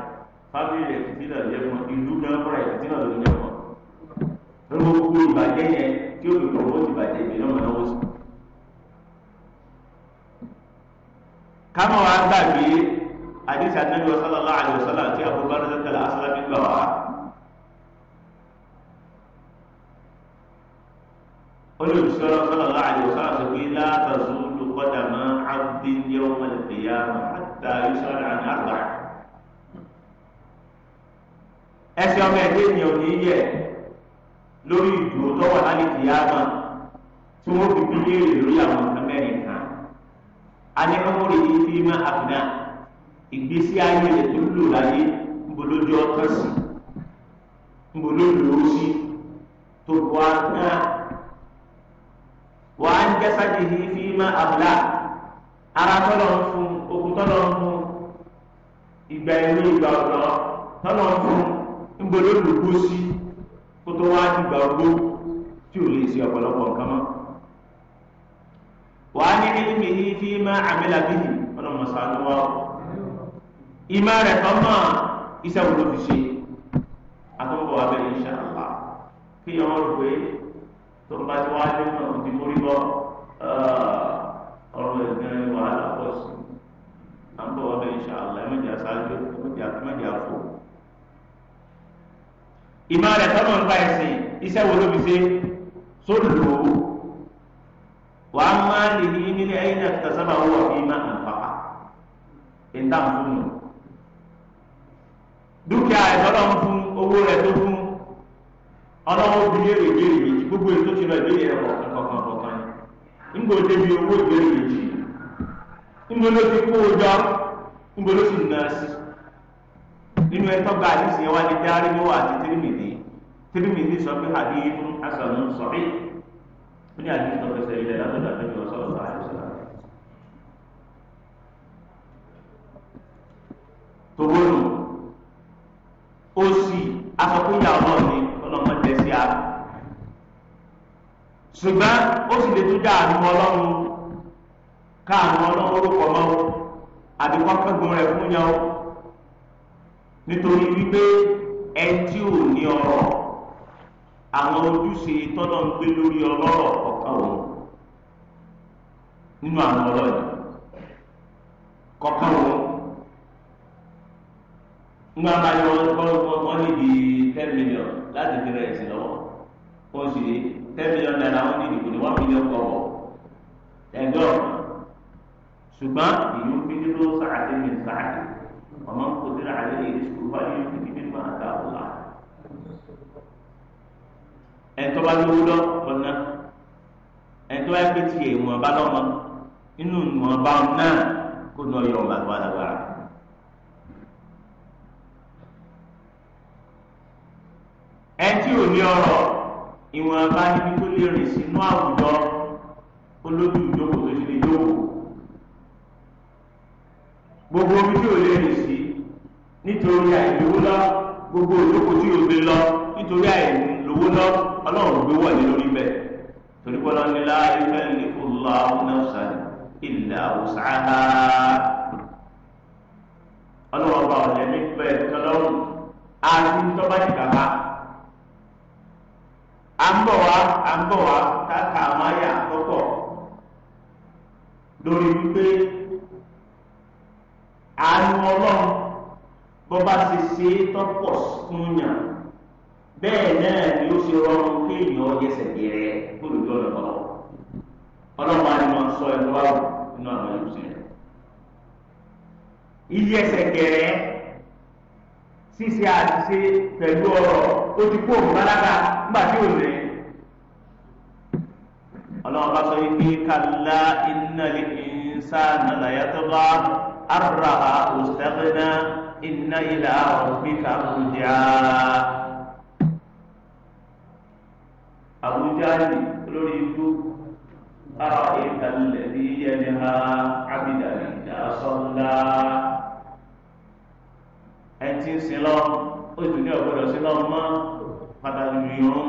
fábílì fìtínà ló yẹ ìlú gan fúnra ẹ̀ fìtínà yẹn tí fi náà olùsọ ọlọ́run àjọ sáàsì pé látàzú lùkọ́dà máa ábí ní ọmọ ìpìyà àtà ìṣọ́ra ní àgbà. ẹsẹ̀ ọmọ ẹgbẹ́ ènìyàn ní yẹ lórí ìdúró tó wà láti ìyá náà tí wọ́n fi bí léèrè lórí àwọn nǹkan mẹ́rin kan. a ní ọmọ rẹ̀ yìí fi máa àbùdá ìgbésí ayé rẹ̀ tó lò láyé ń lójú ọ̀tọ̀ sí ń lójú lòó sí tó wá náà. wa á ń kẹsà jìhì fi má abúlá ara tọ́lọ̀ ń fún okùn tọ́lọ̀ ń fún ìgbà ìwé ìgbà ọ̀dọ́ tọ́lọ̀ ń fún ńgbọ́dọ̀ lùkú sí kó tó wá dìgbà ogbó tí ò lè fi bihi tó bá ti wá dé náà ti mórí bọ́ ọ̀rọ̀ ẹ̀gbẹ́ wàhálà pọ̀ sí à ń bọ̀ ọ̀dọ̀ ìṣàlẹ̀ mẹ́jà sáájú mẹ́jà fò. ìmọ̀ rẹ̀ sọ́nà ń bá ẹ̀sìn iṣẹ́ wo ló fi ṣe sódò lówó wà á máa lè ní nílé ẹ̀yìn náà tẹ̀sán bá wọ̀ ní má nfa ìta fún mi dúkìá ìtọ́lọ́ ń fún owó rẹ̀ tó fún ọlọ́wọ́ obìnrin èrè ìbéèrè méjì gbogbo ètò ti lọ ìbéèrè ẹ̀rọ ọ̀kankan ọ̀kan yìí ńgbò débi owó ìbéèrè méjì ńgbò ló ti kó o jọ ńgbò ló sì nà sí nínú ẹtọ́ gba àdìsí yẹn wá ní dárí níwọ̀ àti tírímìdì tírímìdì sọ pé àbí hasanun sahih ó ní àdìsí tó fẹsẹ̀ ilẹ̀ látọ̀dọ̀ àbẹ́bí ọ̀sán ọ̀sán àìsàn káàánú ọlọ́run káàánú ọlọ́run orúkọ mọ́ àdìpọ́ kẹ́gun rẹ̀ fún yàn nítorí wípé ẹni tí ò ní ọrọ̀ àwọn ojúṣe tọ́nà ń gbé lórí ọlọ́rọ̀ ọ̀kan òun nínú àwọn ọ̀rọ̀ yìí kọ̀ọ̀kan òun ńgbà bá yọ wọ́n níbi ten million láti fi rẹ̀ sí lọ́wọ́ wọ́n sì ten million naira wọ́n níbi kò ní one million kọ̀ọ̀bọ̀ ẹjọ́ ṣùgbọ́n ìlú ń fi nínú sàádé ní sàádé ọmọ ń kó síra àlẹ́ yìí ṣùgbọ́n wáyé ń fi kíkí máa dá ọ̀la. ẹ̀tọ́ bá lówó lọ ọ̀nà ẹ̀tọ́ bá pé tiẹ̀ ìwọ̀n bá lọ́mọ inú ìwọ̀n bá ọ̀n náà kó ní ọyọ ọ̀gbà tó alágbára. ẹtí ò ní ọrọ̀ ìwọ̀n bá níbi tó lè rìn sínú àwùjọ olójú ìjókòó tó ṣe lè jókòó gbogbo omi tí ò lè rìn sí nítorí àìlówó lọ gbogbo ìjókòó tí ò gbé lọ nítorí àìlówó lọ ọlọ́run gbé wọlé lórí bẹ́ẹ̀ torí bọ́lá ní láàyè fẹ́ẹ́ lè fún lọ́wọ́ náà sàn ìlà òsàáhà ọlọ́run ọba ọ̀lẹ́ mi bẹ́ẹ̀ tọ́lọ́run àti tọ́ba ti à ń bọ̀ wá à ń bọ̀ wá káàkà àwọn àyà àkọ́kọ́ lórí wípé àánú ọlọ́run bó bá ṣe ṣe é tọ́pọ̀ fún yàn bẹ́ẹ̀ náà ni ó ṣe rọrùn kéèyàn yẹsẹ̀ gẹ̀rẹ́ gbòdòdó ọ̀nà ọlọ́run ọlọ́run á ní wọn sọ ẹnu wá nínú àwọn ìlú sílẹ̀ ilé ẹsẹ̀ gẹ̀rẹ́ ṣíṣe àṣìṣe pẹ̀lú ọ̀rọ̀ ó ti kó òun nígbà tí ò lè ọlọ́run bá sọ wípé kàlá iná lè ṣá nàlàyé tó bá àrà òṣèlérà iná ilà òbí kàbùjá. àbújá lórí ibú ara ìtàlẹ̀ ní yẹni ha ábìdàlì ìjà sọ́ńdá. ẹ ti ń sin lọ ó sì ọ̀gbọ́dọ̀ sí lọ́mọ pàtàkì yòó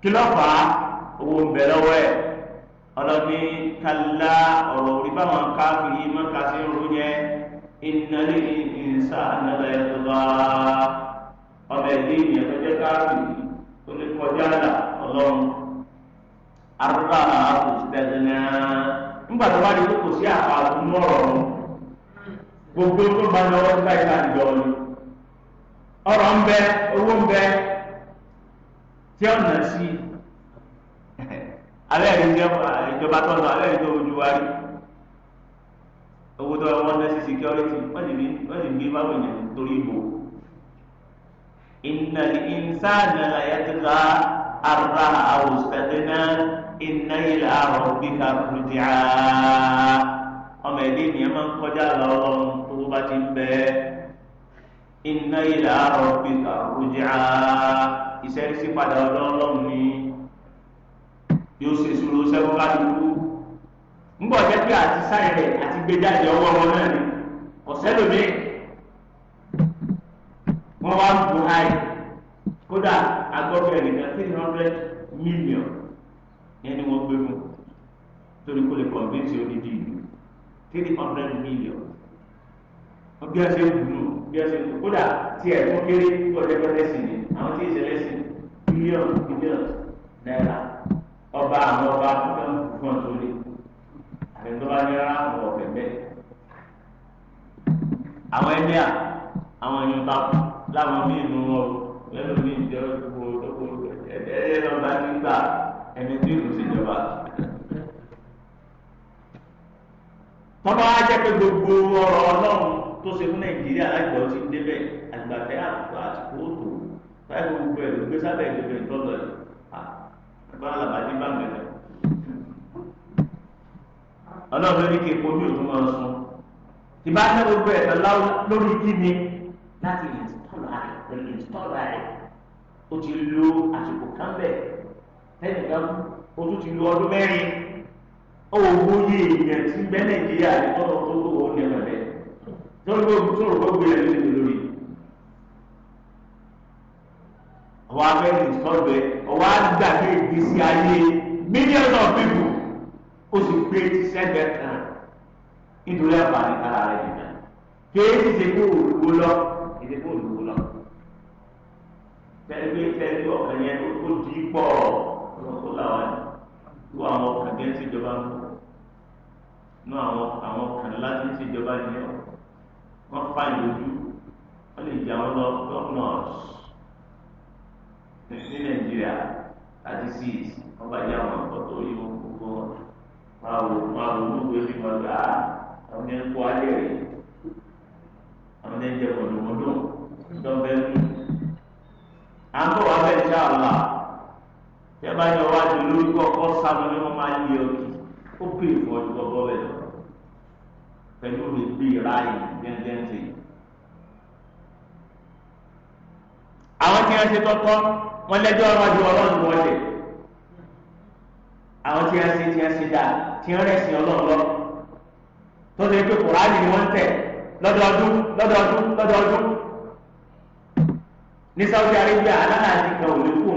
kí ló fà á owó ń bẹ lọ́wọ́ ẹ̀ ọlọ́ni kálá ọ̀rọ̀ orí báwọn káfíìrì mọ́ka sí ìrù yẹn ìnáni ìsà ànàlà ẹ̀dọ́gba ọbẹ̀ dé ìyẹn tó jẹ́ káfíìrì tó ní kọjá là ọlọ́run arúgbó àwọn àkùsítẹ́sì náà nígbà tó bá di kó kò sí àpàtún mọ́rọ̀ gbogbo tó bá ní ọwọ́ nípa ìta ìjọ ni ọ̀rọ̀ ń bẹ owó ń bẹ tí ọ̀nà sí i alẹ́ yìí jẹ́ ìjọba tó ń lọ alẹ́ yìí tó ojú wa rí owó tó wọn ná sí security wọ́n sì ń gbé báwọn èèyàn torí ìbò. ìnà ìnsáàdà làyàtìkà àrà àwòsàdínà iná ilà àròbíkà kùtìá ọmọ ẹ̀dẹ́ ènìyàn máa kọjá lọ ọlọ́run bá ti ń bẹ iná ilà àròbíkà kùtìá ìṣẹ́rí sí padà ọlọ́run ni yóò ṣe sùúrù sẹ́wọ́n bá ti kú ńgbọ́ jẹ́ pé àti sáyẹn rẹ̀ àti gbẹjáde ọwọ́ wọn náà ni ọ̀sẹ́ lómi wọ́n wá ń bu háì kódà agbọ́dọ̀ ẹ̀nìkan three hundred million yẹn ni wọ́n gbé mu torí kó lè kọ̀ǹfẹ́ǹsì onídìí ìlú three hundred million wọ́n bí wọ́n ṣe ń bù nù bí wọ́n ṣe ń bù kódà tí ẹ̀ tó kéré kó ọ̀dẹ́gbẹ́lẹ́sìn ni àwọn tí ìṣẹ̀lẹ̀ sìn bílíọ̀nù bílíọ̀nù náírà ọba àwọn ọba tó ń fún ọ sórí àti tó bá ní rárá àwọn ọ̀fẹ́ bẹ́ẹ̀. àwọn ẹgbẹ́ à àwọn ẹ̀yìn ta láwọn míì nù wọn lẹ́nu ní ìjọ gbogbo gbogbo ẹ̀ẹ́dẹ́ lọ́ba nígbà ẹni tí kò sí ìjọba. tọ́ba á jẹ́ pé gbogbo ọ̀rọ̀ ọlọ́run tó ṣe fún nàìjíríà láti ọtí débẹ̀ àgbàfẹ́ àtúntò àtúntò tó fáìlì gbogbo ẹ̀ ló gbé sábẹ́ ìjọba ìtọ́lọ́ yìí báwọn làbàdí bá mẹ́lẹ̀. ọlọ́run lórí kí epo ní òtún máa sun tí bá tẹ́ gbogbo ẹ̀tọ́ láwọn lórí kí ni láti ìtọ́lù ààrẹ pẹ̀lú ìtọ́lù ààrẹ ó ti lo àsìkò kan bẹ́ẹ̀ lẹ́yìn kan o tún ti lo ọdún mẹ́rin ó wo iye èèyàn tí bẹ́ nàìjíríà ní tọ́lọ́ tó tó wọ́n ní ẹ̀rọ rẹ̀ tó ló tó rò gbogbo ẹ̀ lórí àwọn abẹ́rẹ́ ìsọ̀bẹ̀ ọwọ́ àgbàgbé ìgbésí ayé millions of people ó sì gbé ti sẹ́gbẹ̀ kan nítorí àǹfààní kára rẹ̀ nìkan kéé ti ṣe kó olùwó lọ èdè kó olùwó lọ tẹ́lifí tẹ́lifí ọ̀kan yẹn ó di pọ̀ ọ̀rọ̀ làwọn ni wọ́n àwọn ọkàn yẹn ti jọba ń bọ̀ nú àwọn àwọn ọkàn láti ti jọba yẹn wọ́n fà yín lójú wọ́n lè jẹ àwọn lọ gọ́ọ̀nọ̀sì. ní nàìjíríà thirty six wọ́n bàjẹ́ àwọn ọ̀pọ̀ tó gbogbo máa wò máa wò ó gbé wọn gbà á àwọn ẹni kó alẹ́ rè àwọn ẹni jẹ a bá yọ wá lórí ni wọ́n máa ń yẹ ọkì ó pè fún bẹ́ẹ̀ pẹ̀lú gẹ́gẹ́ ń àwọn tí wọ́n ṣe tọ́tọ́ wọ́n lẹ́jọ́ ọmọdé ọlọ́run wọ́n ṣe àwọn tí wọ́n ṣe tí wọ́n ṣe dà tí wọ́n rẹ̀sìn ọlọ́run lọ tó ṣe pé kùránì ni wọ́n ń tẹ̀ lọ́dọọdún lọ́dọọdún lọ́dọọdún ní Saudi Arabia alálàájì kan ò ní kó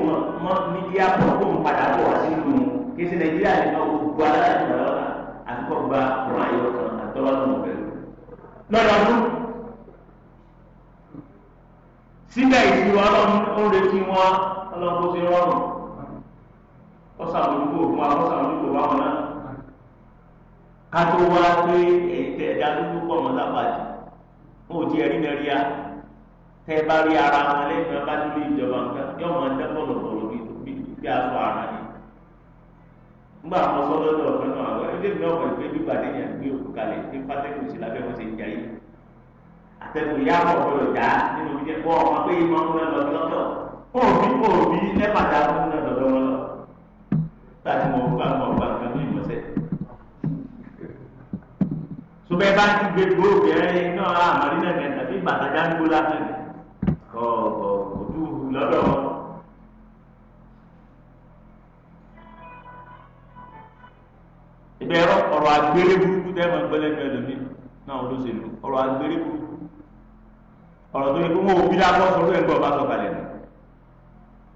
mọ ní kí á pọ̀ kó ń padà bọ̀ wá sí ìlú kí sí Nàìjíríà ní ká gbogbo alálàájì kan lọ́la àti kọ́ gba kùránì lọ́dọọdún síbẹ̀ ìṣirò ọlọ́run ó retí wọn ọlọ́run ti rọrùn fún wa wọn náà ká tó wá pé ẹ̀tẹ̀ pọ̀ mọ́ ó di ẹ̀rí a tẹ́ bá rí ara wọn lẹ́yìn ọba nílé ìjọba nǹkan yóò máa bí a sọ ara ni nígbà àwọn sọ́dọ̀ ọ̀fẹ́ náà àwọn ẹgbẹ́ mi náà àtẹ̀kù ìyá pọ̀ gbọdọ̀ já nínú ìdílé kọ́ ọmọ pé ìmọ̀ ń lọ lọ́tọ̀ òbí òbí ẹ̀ padà ń lọ lọ́dọ̀ wọn lọ. láti mọ̀ gbà mọ̀ gbà kan ní ìmọ̀sẹ̀. sọ́bẹ̀ bá ti gbé gbòòbí ẹ̀rín náà àmọ́rí náà mẹ́ta bí gbàtàjà ń gbó lásán kọ̀ ọ̀dù lọ́dọ̀ wọn. ìbẹ̀rọ ọ̀rọ̀ àgbélé burúkú tẹ́ mọ̀ gbẹ́lẹ́gbẹ́ lómi náà olóṣèlú ọ̀rọ̀ àgbélé burúkú ọ̀rọ̀ tó yẹ kó wọn ò bí dáa kọ́ sọ fún ẹgbẹ́ ọba sọ balẹ̀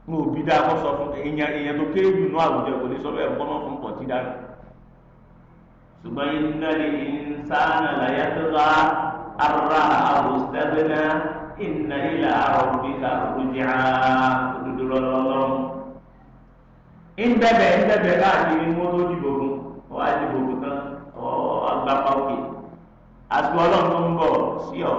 ni wọn ò bí dáa kọ́ sọ fún èèyàn èèyàn tó kéré jù nù àwùjọ kò ní sọ̀rọ̀ ẹ̀kọ́ náà fún pọ̀ tí dáa ṣùgbọ́n iná lè ní sáánà láyé tó bá ara àwòsídẹ́gbẹ́ná iná ilà àròbíkà òjìá òdodo lọ́lọ́lọ́ ńbẹ̀bẹ̀ ńbẹ̀bẹ̀ káàkiri mọ́tò dìbò fún ọ́ àdìbò fún tán ọ́ agbápá òkè àti ọlọ́run tó ń bọ̀ sí ọ̀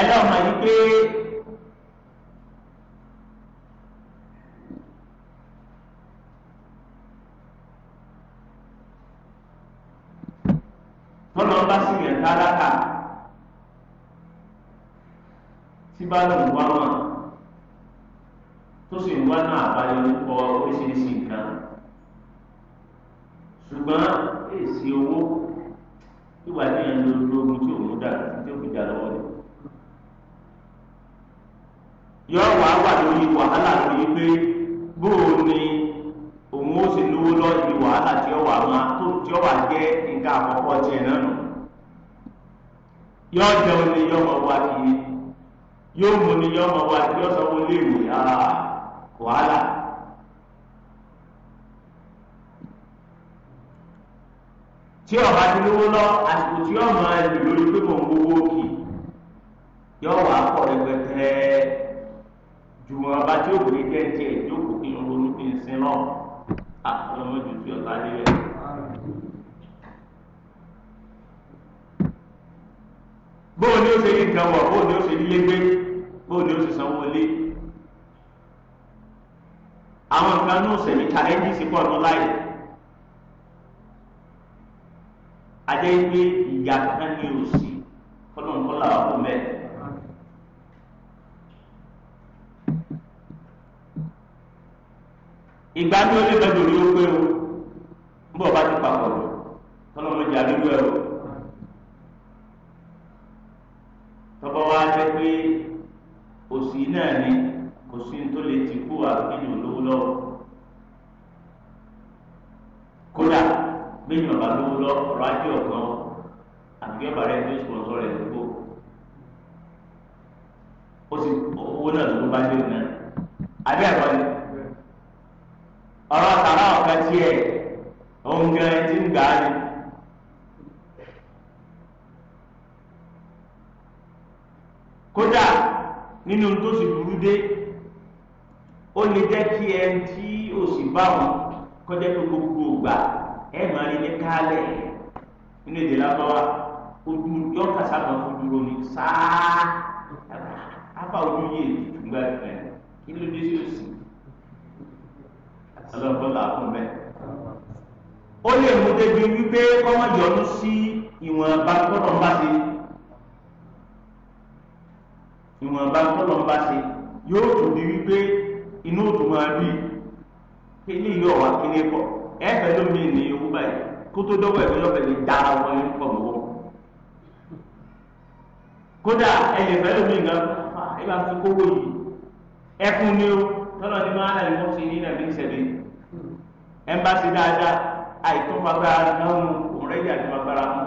ẹlọ́mọ yìí pé bọ́lá ọba sì yẹn tálákà tí bá lòun wá wọn tó sì ń wá náà àbáyọ nípa oríṣiríṣi nǹkan ṣùgbọ́n èsì owó ìwà ní ẹni lórí ogun tí òun dà tí ó fi dà lọ́wọ́ ni. yọọwa wà wà lórí wàhálà lórí pé bóò ni òun ó sì lówó lọ ibi wàhálà tí ó wà máa tó tí jẹ nǹkan àkọ́kọ́ náà nù jẹun ni yọọ mọ wá kiri yóò mú ni yọ mọ wá kiri wàhálà. tí ọba ti lọ àsìkò tí ọmọ lórí pé kò ń jùmọ̀ ọba tí òbí kẹ́ tiẹ̀ jókòó kí n ronú kí n sin náà àtọ́nà jù sí ọ̀tá débẹ̀. bóun ni ó ṣe yí nǹkan wọ̀ bóun ni ó ṣe yí lé gbé bóun ni ó ṣe sanwó lé àwọn nǹkan ní ọ̀sẹ̀ ní challenges pọ̀ ní láì adé gbé ìyá kan ní òsì kọ́nà ńkọ́ làwọn ìgbà tí ó lè bẹ lórí ó pé o ń bọ̀ bá ti papọ̀ tọ́lọ́ jà nínú ẹ̀ o tọ́bọ̀ jẹ́ pé òsì náà ni kò tó lè ti kú àbíyàn lówó lọ́wọ́ kódà bẹ́ẹ̀ ọ̀bà lówó lọ ọ̀rọ̀ ajé sọ̀tọ̀ ó sì owó ọ̀rọ̀ ọtara ọ̀kan tiẹ̀ òun gan ti ń kódà nínú tó sì burú dé ó lè jẹ́ kí ẹ tí ò sì bá wọn kọjá tó gbogbo ògbà ẹ máa rí ní kálẹ̀ nínú èdè lábáwá ojú ọlọ́nkọ́ là á fún bẹ́ẹ̀. ó lè mú débi wípé kọ́mọ̀jì ọdún sí ìwọ̀nba gbọ́dọ̀ ń bá ṣe ìwọ̀nba gbọ́dọ̀ ń bá ṣe yóò tún di wípé inú òtún máa bí kíní ìlú ọ̀wá kíní pọ̀ ẹ̀fẹ̀ ló mi ní ewu báyìí kó tó dọ́wọ́ ẹ̀mí lọ́bẹ̀ lè dá ọmọ yẹn pọ̀ mọ́. kódà ẹ̀yẹ̀ fẹ́ lómi nǹkan ah, ẹ bá fi kówó yìí ẹkún ni ó tọ́lọ́ ní máa ń lè mọ́ sí ní nàbí ìṣẹ̀lẹ̀ yìí ẹnbàṣe dáadáa àìtún fagbára náà mú òun rẹ́jì àti fagbára mú.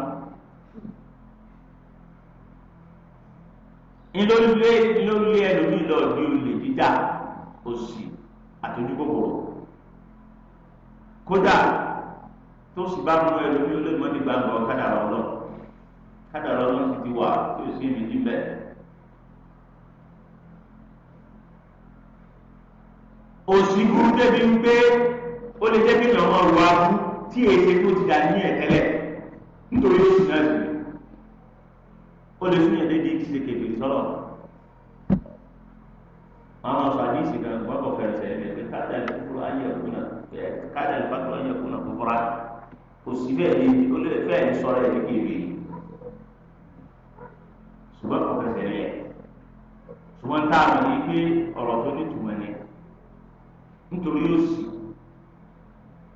ńlọlẹ ńlọlẹ ẹlòmíì lọ di olè jíjà òsì àti ojúkòkòrò kódà tó sì bá mú ẹlòmíì olóògbọ́n nígbà gbọ́ kádàrọ̀ lọ kádàrọ̀ lọ sì ti wà tí ò sí èmi jí bẹ́ẹ̀. òsì burú débi ń gbé ó lè jẹ́ kí èèyàn máa wọ abú tí èsè tó ti dà ní ẹ̀tẹ́lẹ̀ nítorí ó sì náà sí ó lè fún yẹn dédé ti ṣe kébìrì sọ́lọ̀ àwọn aṣọ àdéhìsì kan wọ́n kọ̀ fẹ̀rẹ̀ sẹ́yìn lẹ́gbẹ́ kájà lè fúru ayé ẹ̀kú náà kájà lè fàkúrò ayé ẹ̀kú náà fúnfúnra kò sí bẹ́ẹ̀ ni ó lè fẹ́ẹ̀ ní sọ́ra ẹ̀ kébìrì ṣùgbọ́n kọ̀ fẹ̀rẹ̀ sẹ́yìn lẹ́ ṣùgbọ́n táà mọ̀ nítorí ó sì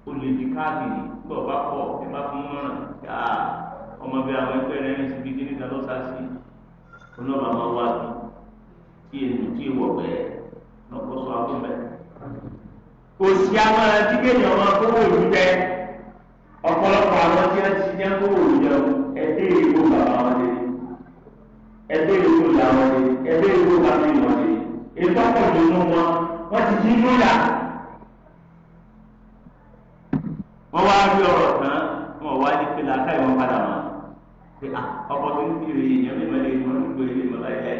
olùdí káàkiri gbọ́ bá pọ̀ ẹ bá fún mọ́ràn yá ọmọ bíi àwọn ẹgbẹ́ rẹ ní síbi kí níta ló sá sí olóòbá máa wá sí tí èmi tí ìwọ̀ bẹ́ẹ̀ lọ́kọ́ sọ abọ́ bẹ́ẹ̀. òsì amára tí kéèyàn máa kówó òlù jẹ ọ̀pọ̀lọpọ̀ àwọn tí wọ́n ti ṣiṣẹ́ kówó ẹdẹ́ bàbá wọn dé ẹdẹ́ làwọn dé ẹdẹ́ dé wọ́n wá rí ọ̀rọ̀ tán wọ́n wá ní pé làákà ìwọ̀n padà mọ́ pé ọkọ̀ tó ń bìrì èèyàn mímọ́ lè mọ́ nígbò ilé mọ́ láyé.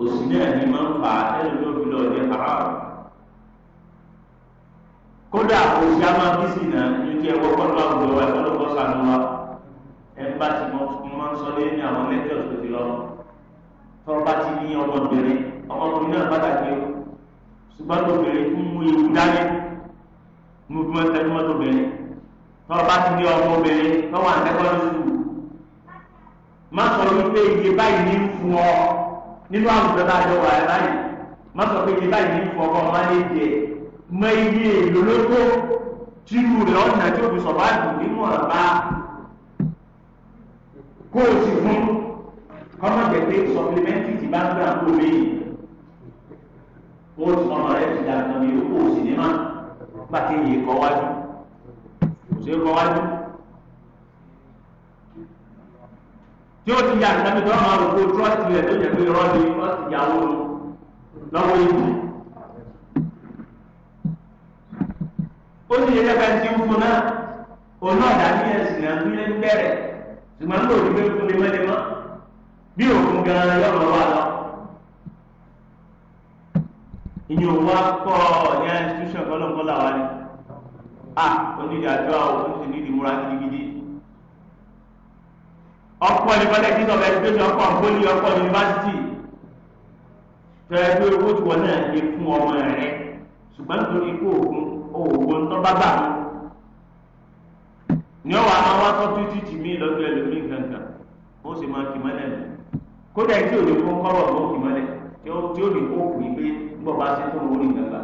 òsì náà ni máa ń fà á tẹ́lẹ̀ ló fi lọ ní haram kódà òsì á máa bí náà ní ti ẹ̀wọ́ kọ́ńtà àwùjọ wa ẹ̀fọ́ ló kọ́ sànú wa ẹ̀ ń bá ti máa ń sọ lé ní àwọn lẹ́tọ̀ọ̀sì tó ti lọ tọ́ba ṣùgbọ́n lóbìnrin ń mú ewu dání mo fi máa tẹnu mọ́ lóbìnrin tọ́ bá ti ní ọmọbìnrin tọ́ wà nẹ́kọ́lù sùn má sọ wípé iye báyìí ní fún ọ nínú àwùjọ tá a jọ wà láyìí má sọ pé iye báyìí ní fún ọkọ má lè jẹ mọ iye èlò lóko tìlú rẹ ọ̀nà tí o fi sọ̀rọ̀ àdùn nínú àbá kóòtù fún kọ́mọ̀jẹ̀ pé sọ̀pìlìmẹ́ntì ti bá ń gbà kó lóyìn ó ti ọmọ rẹ ti dàgbà mi ó kò sí ní má bàtí èyí kọ́ wájú kò sí kọ́ wájú. tí ó ti yà sábẹ́ tó máa rò kó trọ́ọ̀tì rẹ̀ tó yẹ pé rọ́ọ̀dì trọ́ọ̀tì ìyàwó lọ́wọ́ ìlú. ó sì yẹ kẹ́kẹ́ tí ń fún náà òun náà dàbí ẹ̀sìn náà ń lé ń bẹ̀rẹ̀ ṣùgbọ́n lóòótọ́ pé fún lemọ́lemọ́ bí òun gan-an yọ̀rọ̀ wà lọ ìyẹn wa kọ́ ní institution kọ́lọ́kọ́lá wa ni a onídìí àjọ àwọn oníṣẹ́ nídìí múra gidigidi ọ̀pọ̀ ní politics of education ọ̀pọ̀ nbólì ọ̀pọ̀ yunifásitì tẹ̀lé pé owó tí wọ́n náà lè fún ọmọ rẹ̀ ṣùgbọ́n nítorí kó oògùn oògùn tó bá gbà ní ọ̀wọ́ àwọn wá tọ́jú títì mí lọ́dún ẹlòmíì kankan ó sì máa kì mọ́lẹ̀ kódà tí ò lè fún kọ́rọ̀ tó kì mọ́lẹ̀ tí ó lè kó òkú yìí gbọ́ bá ṣe tó lówó nìkan gbà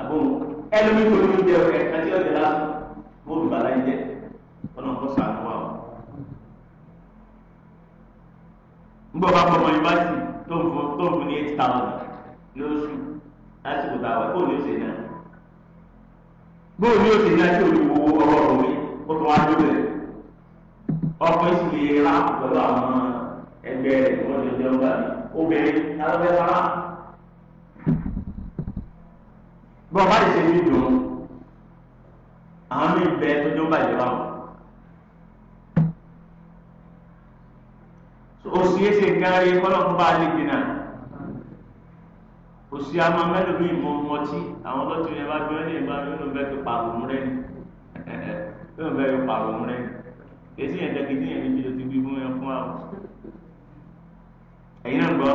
àbóhùn ẹlòmí tó lóyún jẹ ọ̀rẹ́ àti ọ̀jẹ̀ lásán bóòlù bàlá ń jẹ ọ̀nà kó sàánú wa o. ń gbọ́ bá fọmọ yunifásitì tó ń fún tó ń fún ní eight thousand lóṣù lásìkò tá a wà bóòlù yóò ṣe náà bóòlù yóò ṣe náà tí olùkó ọwọ́ ọ̀rọ̀ mi ó tún wá tó bẹ̀rẹ̀ ọkọ̀ ìsìlè rà pẹ̀lú àwọn ẹgbẹ́ rẹ̀ wọ́n jọ jẹun obìnrin alọ́fẹ́ bọ́ọ̀ bá lè ṣe ní ìdùnnú àwọn mí bẹ tó jó bàjẹ́ báwọn. ó sì é ṣe gárí kọ́lọ́kún bá lè dènà kò sí àmọ́ mẹ́lòmí ìmọ̀ọ́mọ́tí àwọn tó ti rẹ̀ bá gbé ẹ̀ bá yóò bẹ́ẹ̀ fi pààrọ̀ mú rẹ̀ ni yóò <laughs> bẹ́ẹ̀ fi pààrọ̀ mú rẹ̀ ni èsì yẹn dẹ́gẹ́dẹ́ yẹn níbi tó ti gbé fún fún àwọn ẹ̀yin náà gbọ́.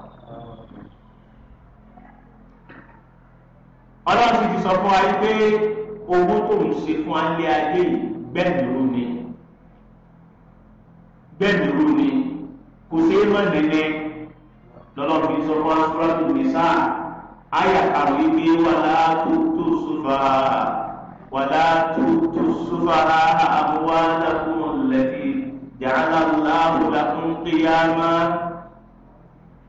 ọlọ́run sì ti sọ fún wa pé owó tó ń ṣe fún alẹ́ ayé yìí bẹ́ẹ̀ ló ní bẹ́ẹ̀ ló ní kò sí é mọ̀ nínú lọ́lọ́run fi sọ fún asúrọ́tù nìsá ayàkàrọ̀ ibi wàlá tó tó sùfà wàlá tó tó sùfà àbúwá lákùn lẹ́tì jàǹdà láàbù lákùn kéyàmá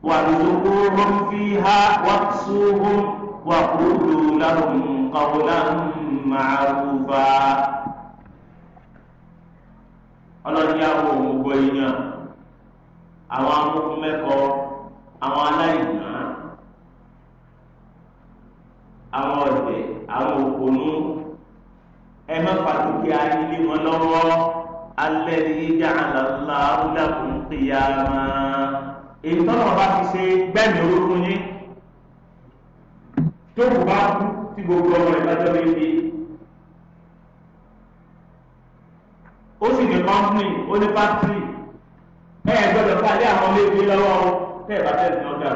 wàlúùkú rọ́fì ha wàásù hùn. وقولوا لهم قولا معروفا ọlọ́ni àwọn òmùgbọ èèyàn àwọn amúkú mẹ́kọ̀ọ́ àwọn aláìná àwọn ọ̀dẹ̀ àwọn òpònú ẹ má pàtàkì ayílé wọn lọ́wọ́ alẹ́ yìí dá àlàlá ọ̀làkùn kìyàmá èyí tọ́lọ̀ bá ti ṣe gbẹ́mìí orúkún yín. tó kù bá kú tí gbogbo ọmọ ìbájọ́ méje ó sì ní kọ́ńtì ó ní pátì ẹ gbọ́dọ̀ pàdé àwọn méje lọ́wọ́ tẹ́ ẹ bá tẹ̀ sí ọ̀dà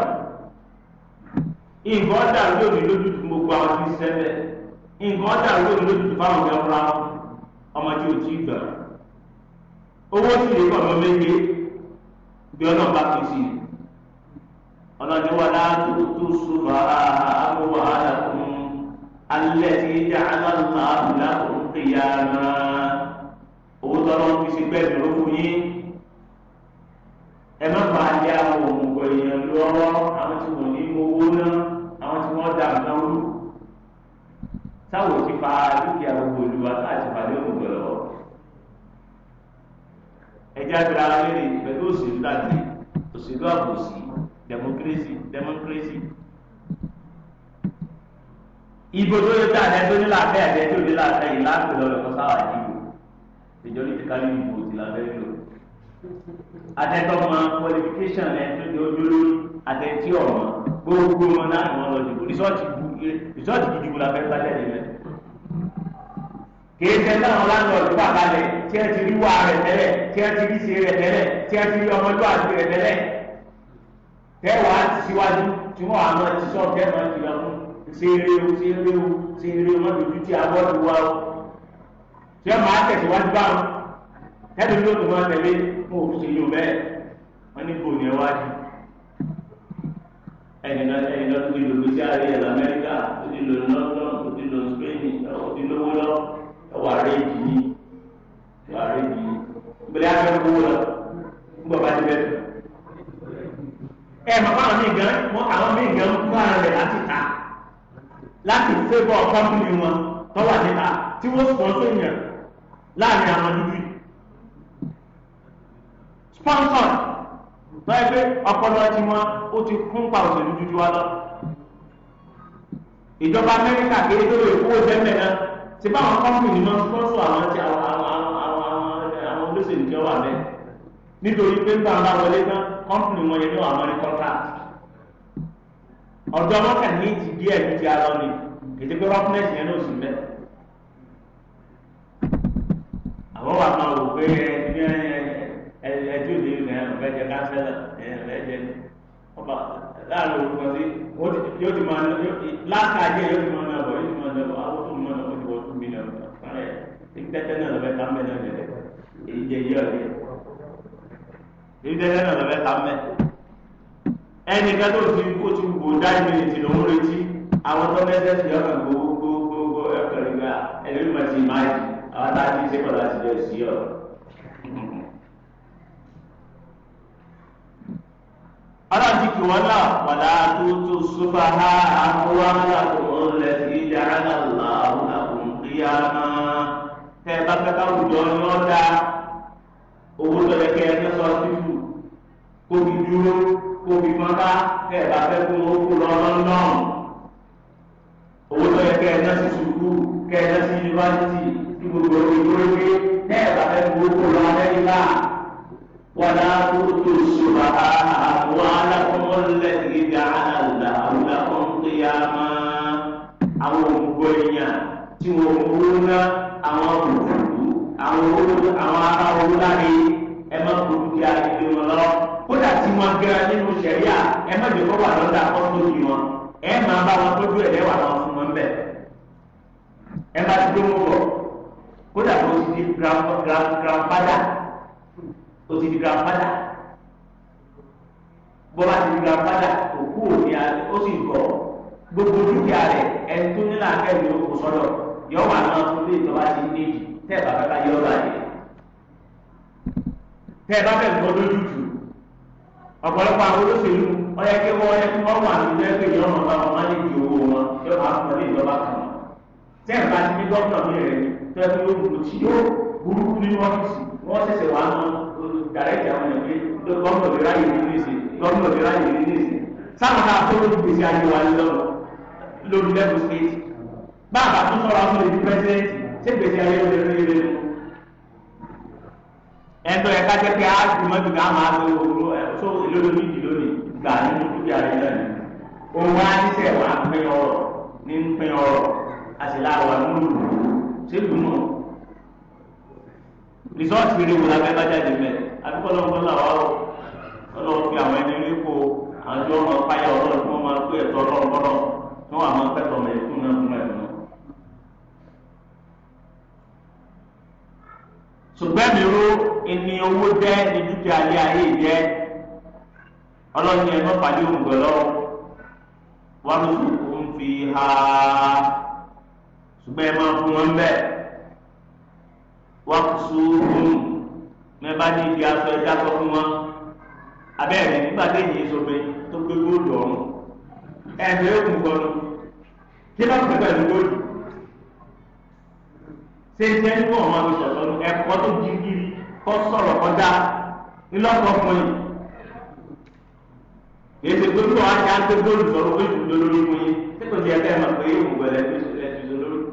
nǹkan dàrú lónìí lójú tó gbogbo àwọn lójú tó ọmọ tí ò tí ì gbà owó sì méje bí ọlọ́ni wà látúntú sùfà àbúrò àdàkùn alẹ́ tí ìjà aláǹtà àbúlá òun fi yá ara owó tọ́lọ́ fi sí pẹ́ dúró fún yín ẹ má fà á yá àwọn òmùgọ̀ èèyàn lọ́wọ́ àwọn tí wọ́n ní owó náà àwọn tí wọ́n dà náà rú táwọn ti fa dúkìá gbogbo olùwà láti pàdé òmùgọ̀ lọ́wọ́ ẹjẹ́ àti ara lé pẹ̀lú òṣèlú láti òṣèlú àbòsí democracy democracy ibo tó yẹ káàdé tó ní làákẹ́ àti ẹjọ́ ní làákẹ́ yìí láàpẹ̀ lọ́dọ̀ kọ́ sáwà dìbò ìjọ ní ti kálí ìbò ti làbẹ́ lò àtẹ̀tọ́ mọ qualification ẹ̀ tó ní ojú lórí àtẹ̀tí ọ̀mọ gbogbo wọn náà ni wọ́n lọ dìbò rìsọ́ọ̀tì rìsọ́ọ̀tì gidi la fẹ́ gbájá yìí lẹ́nu kìí ṣe náà láńlọ́ọ̀dù wà kalẹ̀ tí ẹ ti rí wà rẹ̀ tẹ́lẹ̀ tí ẹ ti rí ṣe rẹ̀ tẹ́lẹ̀ tí ẹ ti rí ọmọdé àti rẹ̀ tẹ́lẹ̀ tẹ́wàá ti síwájú tí wọ́n á máa ti sọ̀rọ̀ tẹ́wàá ti rà fún ṣe eré o ṣe eré o ṣe eré o mọ́tò ojú tí a bọ́ọ̀lù wa o ṣé máa tẹ̀síwájú bá wọn ẹni ló tún máa tẹ̀lé mo ò ṣe yóò bẹ́ẹ̀ wọ́n ní bò ní ẹ wá jù ẹni náà ẹni náà tó ti lò lóṣì àárẹ̀ ẹ̀ lamẹ́ríkà tó ti lò lọ́dún tó ti lò spain tó ti lówó lọ ẹ wà rẹ̀ jì ní wà rẹ̀ jì ní ìgbẹ́lẹ́ àgbẹ̀ kówó lọ ń bọ̀ ti bẹ́ẹ̀ tó ẹ màmá àwọn míì gan wọn àwọn míì gan ń bá rẹ láti ta láti fébọ̀ kọ́mpìnì wọn tó wà níta tí wọ́n sponsor yẹn láàrin àwọn dúdú sponsor báyìí pé ọpọlọ tí wọn ó ti kún pa òṣèlú dúdú wa lọ ìjọba Amẹ́ríkà kéré tó lè kówó jẹ́mẹ̀ náà ti bá àwọn kọ́mpìnì náà sponsor àwọn ti àwọn àwọn àwọn àwọn olóṣèlú jẹ́ wà bẹ́ẹ̀ nítorí pé gbàǹdà wọlé náà kọ́mpìnì wọn yẹn ní wàá mọ́ni contract ọjọ́ mọ́kàn ní ti díẹ̀ ní ti alọ́ ni ètò pé roughness yẹn ló sì ń bẹ́ àwọn wà máa wò pé ẹni ẹjú ìdí ìlú ẹ̀ ọ̀fẹ́ jẹ kánsẹ́là ẹ̀ ọ̀fẹ́ jẹ ọba láàrin òkú kan sí yóò ti máa láàkàjẹ yóò ti máa náà bọ̀ yóò ti máa náà bọ̀ àwọn tó máa náà bọ̀ ti wọ́n tún mílíọ̀nù fún ẹ̀ ní tẹ́tẹ́ náà lọ́fẹ́ kámẹ́ náà lẹ́lẹ́ èyí jẹ yíyọ̀ yẹn èyí tẹ́lẹ̀ náà lọ́fẹ́ ta mẹ́ ẹnìkan tó ti kó ti wò dá ìwé ìtì lòún retí àwọn tó mẹ́tẹ́ sí ọ̀nà gbogbogbò ẹ̀kọ́rẹ́ gba ẹ̀rí mi ti máa yìí àwọn tá a ti ṣe kọ́lá ti jọ sí ọ̀. ọ̀nà kì wọ́n náà wàlá tó tó sọ́fà ha àkọ́wá lákòó lẹ̀ sí yàrá náà làwọn àkùnkìyà máa tẹ́ bá fẹ́ káwùjọ ni wọ́n dáa owó tó yẹ kí ẹ ní sọ síbù kó fi dúró kó fi mọ́ká kẹ́ ẹ bá fẹ́ kó wọn kó lọ London owó tó yẹ kí ẹ ní sí sùkú kẹ́ ẹ ní yunifásitì tí gbogbo ìgboro gbé kẹ́ ẹ bá fẹ́ kó wọn kó lọ Amẹ́ríkà wàlá tó tó sùnà àwọn alákọ̀ọ́lẹ̀ ìgbà àlà àwọn akọ̀ọ́lẹ̀yàmá àwọn òǹgbọ̀ èèyàn tí wọ́n ń wúrú àwọn òǹgbọ̀ àwọn olóòtú àwọn ará olóòtú ni ẹ má fojú di àdìgbò wọn lọ kódà tí wọn gbéra nínú sẹríà ẹ má jẹ kó wà lọ́dà kọ́ńtòsì wọn ẹ máa bá wọn tójú ẹ̀ lẹ́wà wọn fún wọn bẹ̀ ẹ bá ti dóhùn bọ̀ kódà kó o ti di grandfather o ti di grandfather bọ́lá ti di grandfather òkú òní ó sì gọ̀ gbogbo dúkìá rẹ̀ ẹ̀ tó nílò akẹ́wé ó kò sọ́dọ̀ yọ̀ọ́ wà náà tó lè tọ́ bá ti ní èyí tẹ́ ẹ bá fẹ́ ká yọ bàjẹ́ tẹ́ ẹ bá fẹ́ gbọ́ lójú tù ọ̀pọ̀lọpọ̀ àwọn olóṣèlú ọyẹ kí wọ́n yẹ kí wọ́n wà nínú ẹgbẹ́ yìí ọmọ báwọn máa lè di owó wọn yóò máa fún ọ ní ìjọba kan tẹ́ ẹ bá ti ní dókítà mi rẹ̀ tẹ́ ẹ fi yóò burú tí yóò burúkú nínú ọ́fíìsì wọ́n ṣẹ̀ṣẹ̀ wà á mọ dàrẹ́tì àwọn ẹgbẹ́ gọ́ọ̀mù òbí ráyè nínú ìsìn gọ́ọ̀mù òbí ráyè nínú ìsìn sáwọn náà tó lórí gbèsè ayé wa lọ́rùn lórí lẹ́gùn stéètì bá àbá tó sọ̀rọ̀ àwọn olè ṣé gbèsè ayé ló lè rí rí rí ẹ̀tọ́ ẹ̀ka jẹ́ pé a ti mọ́tò ká máa lo owó ẹ̀ tó ìlórí méjì lónìí gbà nínú dúkìá rẹ̀ náà òun á ti sẹ̀ pín ọrọ̀ ní pín ọrọ̀ a sì láwọ nínú ìlú ṣé dùnmọ̀ rìsọ́ọ̀tì rẹ̀ wò lábẹ́ bá jáde mẹ́ àdúgbò lọ́wọ́ làwọn ọlọ́wọ́ fi àwọn ẹni rí kó àwọn tí wọ́n máa fáyà ọlọ́run tí wọ́n máa pé ẹ̀tọ́ ọlọ́run bọ́lọ́ tí wọ́n máa pẹ́tọ̀ mẹ́ fún náà fún náà ṣùgbọ́n mi ro ẹni owó jẹ́ ní dúkìá ilé ayé jẹ́ ọlọ́run yẹn mọ́ pàdé òǹgbẹ́ lọ́wọ́ wọn ló sì kó ń fi ha ṣùgbọ́n ẹ máa fún wọn bẹ́ẹ̀ wọ́n kò sóògùn mẹ́bàá ní ibi aṣọ ẹja sọ fún wọn abẹ́rẹ́ nígbà téèyàn ìṣòro tó gbé góòlù ọ̀run ẹ̀ ń bẹ́ẹ̀ ògùn gbọ́dọ̀ kí ló ń pẹ̀lú góòlù ṣe jẹ́ nígbà wọn máa lọ sọ̀rọ̀ lọ́nu ẹ̀kọ́ tó gírígírí kọ́ sọ̀rọ̀ kọjá ńlọ́kọ̀ fún yìí. èsì tó tó àti àti bóòlù sọ̀rọ̀ pé jù lọ lórí fún yìí sípò tí ẹgbẹ́ máa pé yóò wẹ̀lẹ̀ tó ṣẹlẹ̀ jù lọ lórí.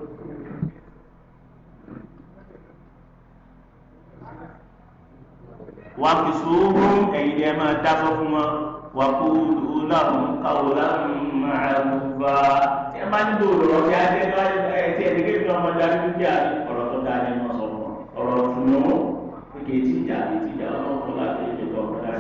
wà á fi sòwò ẹ̀yìn ẹ̀ máa dábọ̀ fún wọn wà kó lù láwùn káwọ láwùn máa wù bá. ẹ má nílò ọ̀rọ̀ ọ̀sẹ̀ àti ẹ̀ dáa ní wọn sọ ọ̀rọ̀ tùnú kéèké tí ìjà bí ti ìjà ọlọ́run kó láti ètò ìjọ ọ̀gbọ́n dáa.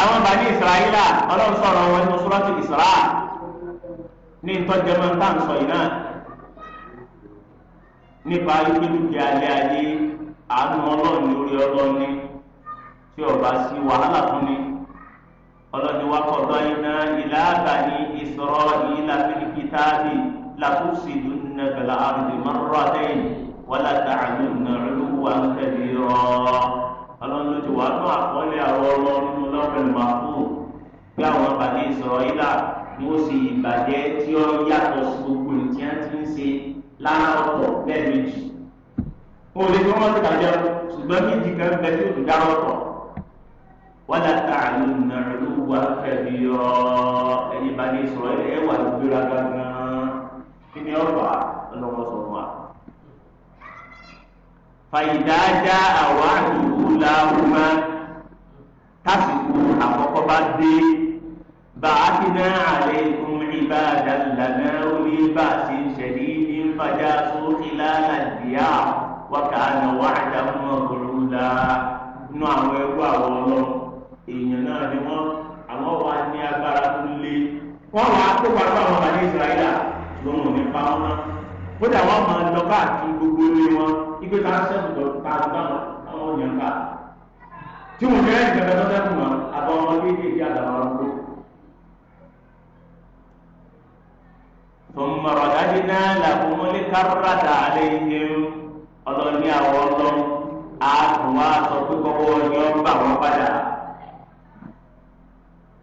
àwọn bani Israẹla ọlọ́run sọ̀rọ̀ wọn nínú sọ́rọ́tì Isra ní ìtọ́jẹmọ́ tá à ń sọ yìí náà nípa wípé dúkìá ilé ayé àánú ọlọ́run lórí ọlọ́run ní tí ọba sí wàhálà fún ni ọlọ́ni wa kọ̀dọ̀ iná ìlàbà ní ìsọ̀rọ̀ ìlà fìlìkìtàbì làkúsìdù nàbẹ̀là àrùbí mọ́rọ́dẹ́yìn wàlá tààlù nàrú wà kẹ́lì rọ. ọlọ́ni ti wà nù àkọọ́lẹ̀ àwọn ọlọ́run lọ́rùn màkú bí àwọn àbàdé ìsọ̀rọ̀ ìlà ni ó sì ìbàjẹ́ tí ó yàtọ̀ sí gbogbo ìtí á ń ṣe láàárọ̀ lẹ́ẹ̀mejì. olè tí wọ́n ti kàjẹ́ ṣùgbọ́n wàlá tààlù nàlú wà kẹbi ọ ẹni bá ní sọ ẹ wà lóra gángan kí ni ọba ọlọmọ sọ wa. fàyídájá àwa ìlú làwùmá tásìkò àkọ́kọ́ bá dé bàákínà àlẹ́kùn ìbáàdà lànà orí bá a ti ń ṣẹ̀lí ní fàjà sókè lálàdíyà wákàánà wàhálà mọ́kùnrin la nú àwọn ẹgbẹ́ àwọn ọlọ́run èèyàn náà ni wọ́n àwọn wa ní agbára tó lé wọ́n wà á kó pàtó àwọn ọmọ ní Israẹla lóhùn nípa wọn náà kódà wọ́n máa lọ káàkiri gbogbo ilé wọn ipe ká sẹ́kù lọ ká gbàgbọ́ àwọn èèyàn ká tí wọ́n fẹ́ẹ́ ìjọba tó sẹ́kù wọn àbọ̀ wọn kéékèèké àgbà wọn kó. ثم رددنا لهم الكرة عليهم ọlọ́ni àwọn ọlọ́run àtúwà sọ pé kọ́kọ́ yọ ń bà wọ́n padà.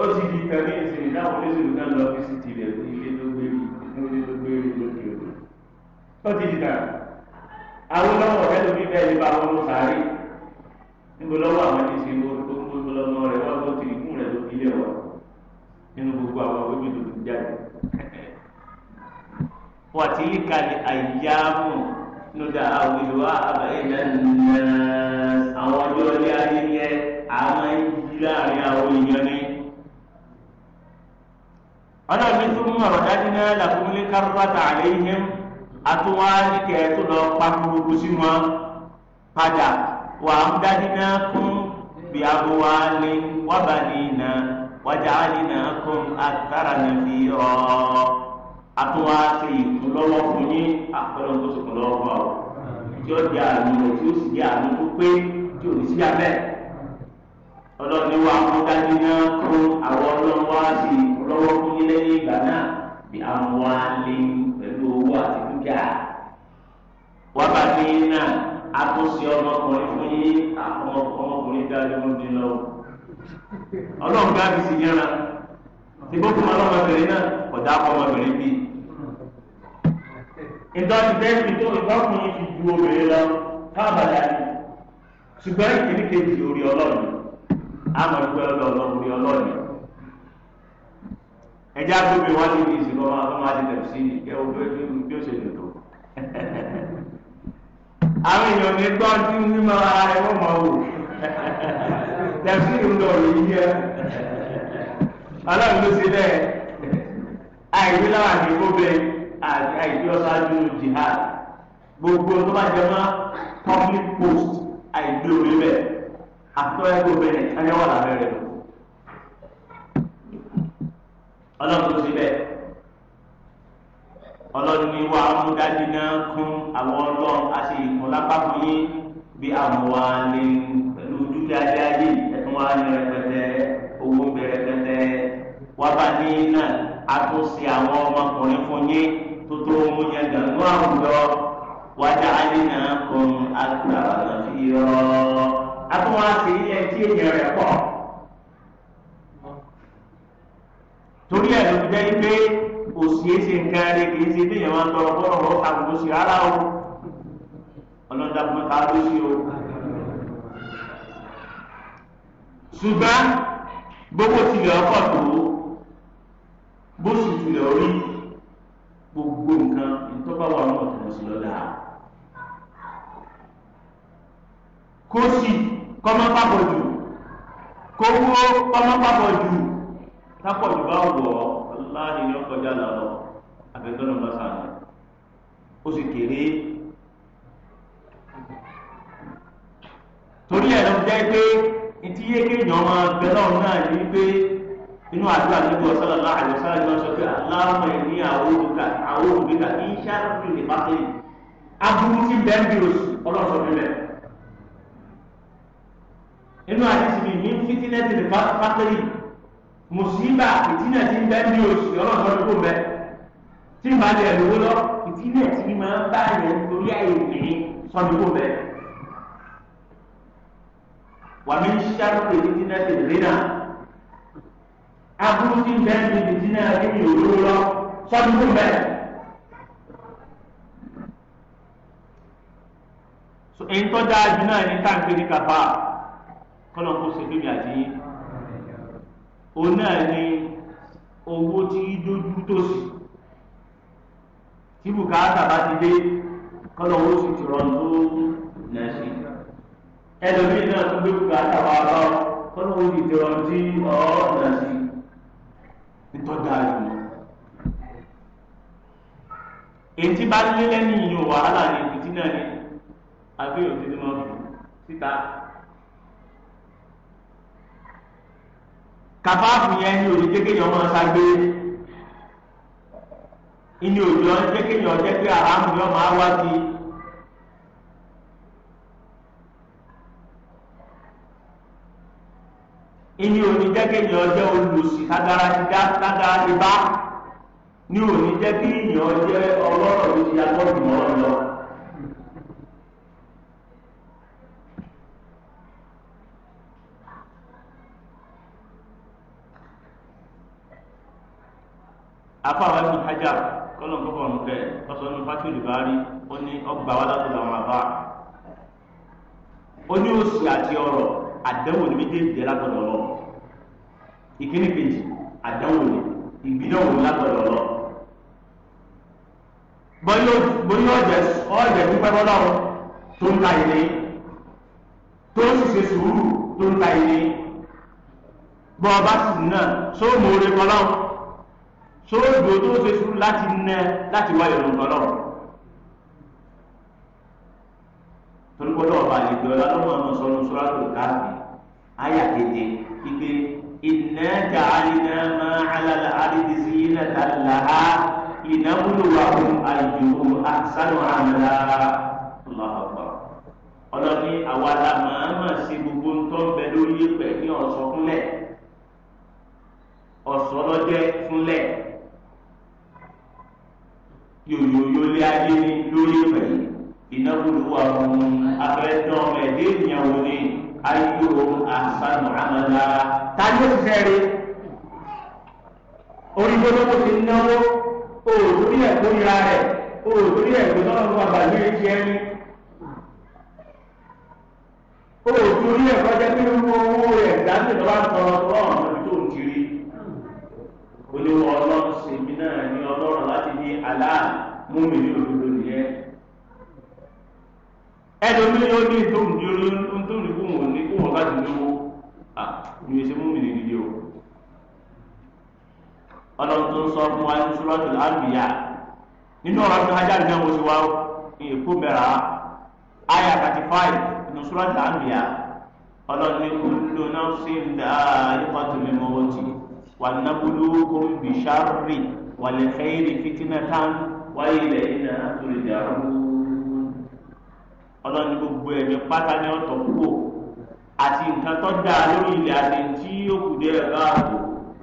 ó ti di kan ní ìsìn ìdáhùn olóṣèlú náà lọ fi sí tilẹ̀ ilé tó gbé rí ilé tó gbé rí lókè òkè ó ti di kan àwọn ọlọ́wọ́ ọ̀rẹ́ lómi bẹ́ẹ̀ ní bá wọn sáré níbo lọ́wọ́ àwọn ẹni ṣe wo tó ń gbé lọ́mọ rẹ̀ wọ́n tó tìrì fún rẹ̀ ló fi lé wọ̀ nínú gbogbo àwọn òbí tó ti jáde. wàtí líkàlì àyàmù lódà àwùjọ àbẹ̀yẹ̀dẹ̀ nà àwọn ọjọ́ ilé ayé yẹ àwọn ẹ̀yìn láàrin àwọn èèyàn ní ọlọ́run ní túmọ̀ ọ̀dájú náà làkúnlé kárọ́tà àléhìn àtúwárí kẹ́ tó lọ pa gbogbo sí wọn padà wà á dájú náà kún bí abúwa lé wábà nìyína wájà àlìna kún àtàrà nàbí ọ àtúwárí ìkúnlọ́wọ́ fún di àánú rẹ̀ tí ó sì di àánú tó pé tí ò ní sí abẹ́ ọlọ́run ní wà á dájú náà lọ́wọ́ fún ilé ní ìgbà náà bí amúhalé pẹ̀lú owó àti dúkìá. wọ́n bá ti yín náà a tún ṣe ọmọkùnrin fún yín ọmọkùnrin dájú ló dín lọ́wọ́. ọlọ́run bá mi sì yára tí bó fún ọlọ́mọbìnrin náà ọ̀dà ọmọbìnrin bíi. ìtọ́jú bẹ́ẹ̀ fi tó ìtọ́kùnrin ti ju obìnrin lọ káàbàdà ni ṣùgbọ́n ìkíní kejì orí ọlọ́run àmọ̀ ìgbẹ́ ọlọ́run orí ọlọ́run ẹjẹ agbóbi wọn ti di ìsìnkú ọmọ akọmọ àti tẹpsi kẹ o bí bí o ṣe lò tó àwọn èèyàn ní gbọ́ tí ń mímọ ara rẹ wọ́n mọ̀ wò tẹpsi ń lọ òye yẹ ọlọ́run ló ṣe bẹ́ẹ̀ àìwí láwọn àti ìkóbẹ àti àìsí ọ̀ṣájú jihad gbogbo tó bá jẹ mọ́ public post àìgbé orí bẹ́ẹ̀ àtọ́ ẹgbẹ́ obìnrin ẹni wà lábẹ́rẹ́ lọ. ọlọ́run síbẹ̀ ọlọ́run ní wà ámúdájú náà kún àwọn ọlọ́run a sì lápá fún yín bí àmúwa ní pẹ̀lú dúkìá dé ayé ẹ̀tún wa ní rẹpẹtẹ owó ń bẹ rẹpẹtẹ wà bá ní náà a tún ṣe àwọn ọmọkùnrin fún yín tó tó mú yẹn gànú àwùjọ wájà ayé náà kún àgbà lọ́sí yọ. a tún wá sí ilé tí èèyàn rẹ̀ pọ̀. torí ẹ̀ ló fi jẹ́ pé òsì èsì nǹkan ẹ̀rẹ́ kì í ṣe bí èèyàn máa ń tọrọ bọ́rọ̀ lọ́wọ́ àgùntàn sí rárá o ọlọ́dà fún ta ló ṣe o. ṣùgbọ́n gbogbo tilẹ̀ ọkọ̀ tó bó sì tilẹ̀ orí gbogbo nǹkan ìtọ́ba wà ní ọ̀tún sí lọ́dà. kó sì kọ́mọ́ pàbọ̀ jù kó wúrò kọ́mọ́ pàbọ̀ jù tápọ̀ ju bá wọ̀ ọ́ láàrin ní ọkọjá lọ́wọ́ àfẹ́tọ́nù bá sàánù ó sì kéré. torí ẹ̀ ló jẹ́ pé ìtí yé kéèyàn máa bẹ lọ́run náà ní pé inú àdúrà níbi ọ̀sán lọ́la àyọ̀sán ló sọ pé aláwọ̀ ẹ̀ ní àwọn olùgbéka kì í ṣáàtúndì nípa sẹ́yìn aburú ti bẹ́ẹ̀ bí oṣù ọlọ́sọ bíbẹ̀. inú àdìsí mi ní fitinẹ́tì nípa sẹ́yìn mùsùlùmí ìtìnà ti ń bẹ ní oṣù ọlọ́sọ̀rọ̀ tó bẹ tí ìbá lè lówó lọ ìtìnà ti máa ń bá yẹn torí àyè ìpín sọ́dún tó bẹ. wàmí sáré ìtìnà ti rìnà aburú ti ń bẹ ní ìtìnà ti ní òwúrò lọ sọ́dún tó bẹ. èyí tó dáa jù náà ní káàkiri kàfà kọ́nà kó ṣe fífi àti yín. O náà ni owó tí dójú tòsí tí bùkátà bá ti dé kọ́lọ̀ owó sì ti rọ̀ ẹlòmíì náà tún gbé bùkátà wá owó sì ti rọ̀ tí ọ̀ náà ṣe nítọ́jà ìlú ètí bá lé lẹ́nu ìyún wàhálà ní ìfìtínà ni àbí òtítí máa fò síta. kàfáàfù yẹn ní òní kékeré ọmọ ṣàgbé ìní òjò kékeré ọjọ́ pé àhámù yọ máa wá sí i. ìní òní jẹ́kẹ̀yìn ọjọ́ olùsì lágbára ti dá lágbára ti bá ní ọlọ́rọ̀ ló agbọ́dùn ọ̀rọ̀ afáwọn ẹni hajj kọlọ̀ nǹkan kan nǹkan ẹ̀ ní fásitì olùbárí ó ní ọgbà wa láti làwọn àbá ó ní òsì àti ọrọ̀ àdánwò ní méjèèjì lágbọ̀dọ̀ lọ ìkíní kejì àdánwò ní ìgbìdánwò lágbọ̀dọ̀ lọ. bóyá ọ̀jẹ̀ ọ̀jẹ̀ dúpẹ́ bọ́lọ́run tó ń ta ilé tó ń ṣiṣẹ́ sùúrù tó ń ta ilé bọ́ ọba sì náà sóòmù oore bọ́lọ́run sóòdù tó ṣe sùúrù láti nẹ láti wá ìrùn ọlọ́run torí gbọ́dọ̀ ọba àlejò ọlá ló máa ń sọnù sọlá tó káàkiri àyà kéde ibi iná jàálínà máa alàlà àdìdìsí iná tàlà á iná wúlòwà fún àjò àṣàlù àmàlà ọlọ́ọ̀pọ̀ ọlọ́ni àwa la máa máa ṣe gbogbo ń bẹ lórí ẹ̀pẹ̀ ọ̀sọ́ fúnlẹ̀ ọ̀sọ́ lọ́jẹ́ fúnlẹ̀ yòyòyò lé ayé lórí ìpè ìnáwó wà fún abẹ́tàn ẹ̀dẹ́ ìyàwó ni ayélujára àṣàmù àmàlà táyé fẹ́rẹ́ orí gbogbo ti náwó òòlórí ẹ̀kọ́ ìra rẹ̀ òòlórí ẹ̀kọ́ náà fún àbàlẹ́ ìjẹ́ ẹni òòlórí ẹ̀kọ́ jẹ́ pé owó rẹ̀ dáńtì lọ́wọ́ àtọ̀rọ̀ fún ọ̀hún. oníwọ ọlọ́run sèmi náà ní ọlọ́run láti ní aláà mú mi ní òdodo nìyẹn. ẹni omi ní ìdóhùn ní orí ní lówó ní mú mi o. ọlọ́run tó ń sọ fún wa ní nínú ọ̀rọ̀ tó ajá ìdílé wọn èkó mẹ́ra thirty five ní sọ́lọ́tò láàbìyà ọlọ́run ní náà sí ń dá tó wọ́n ti. ونبلوكم بشر ولخير فتنة وإلينا ترجعون ọlọ́ni gbogbo ẹ̀mí pátá ní ọ̀tọ̀ púpọ̀ àti nǹkan tó dáa lórí ilẹ̀ àti tí yóò kù dé ẹ̀rọ ààbò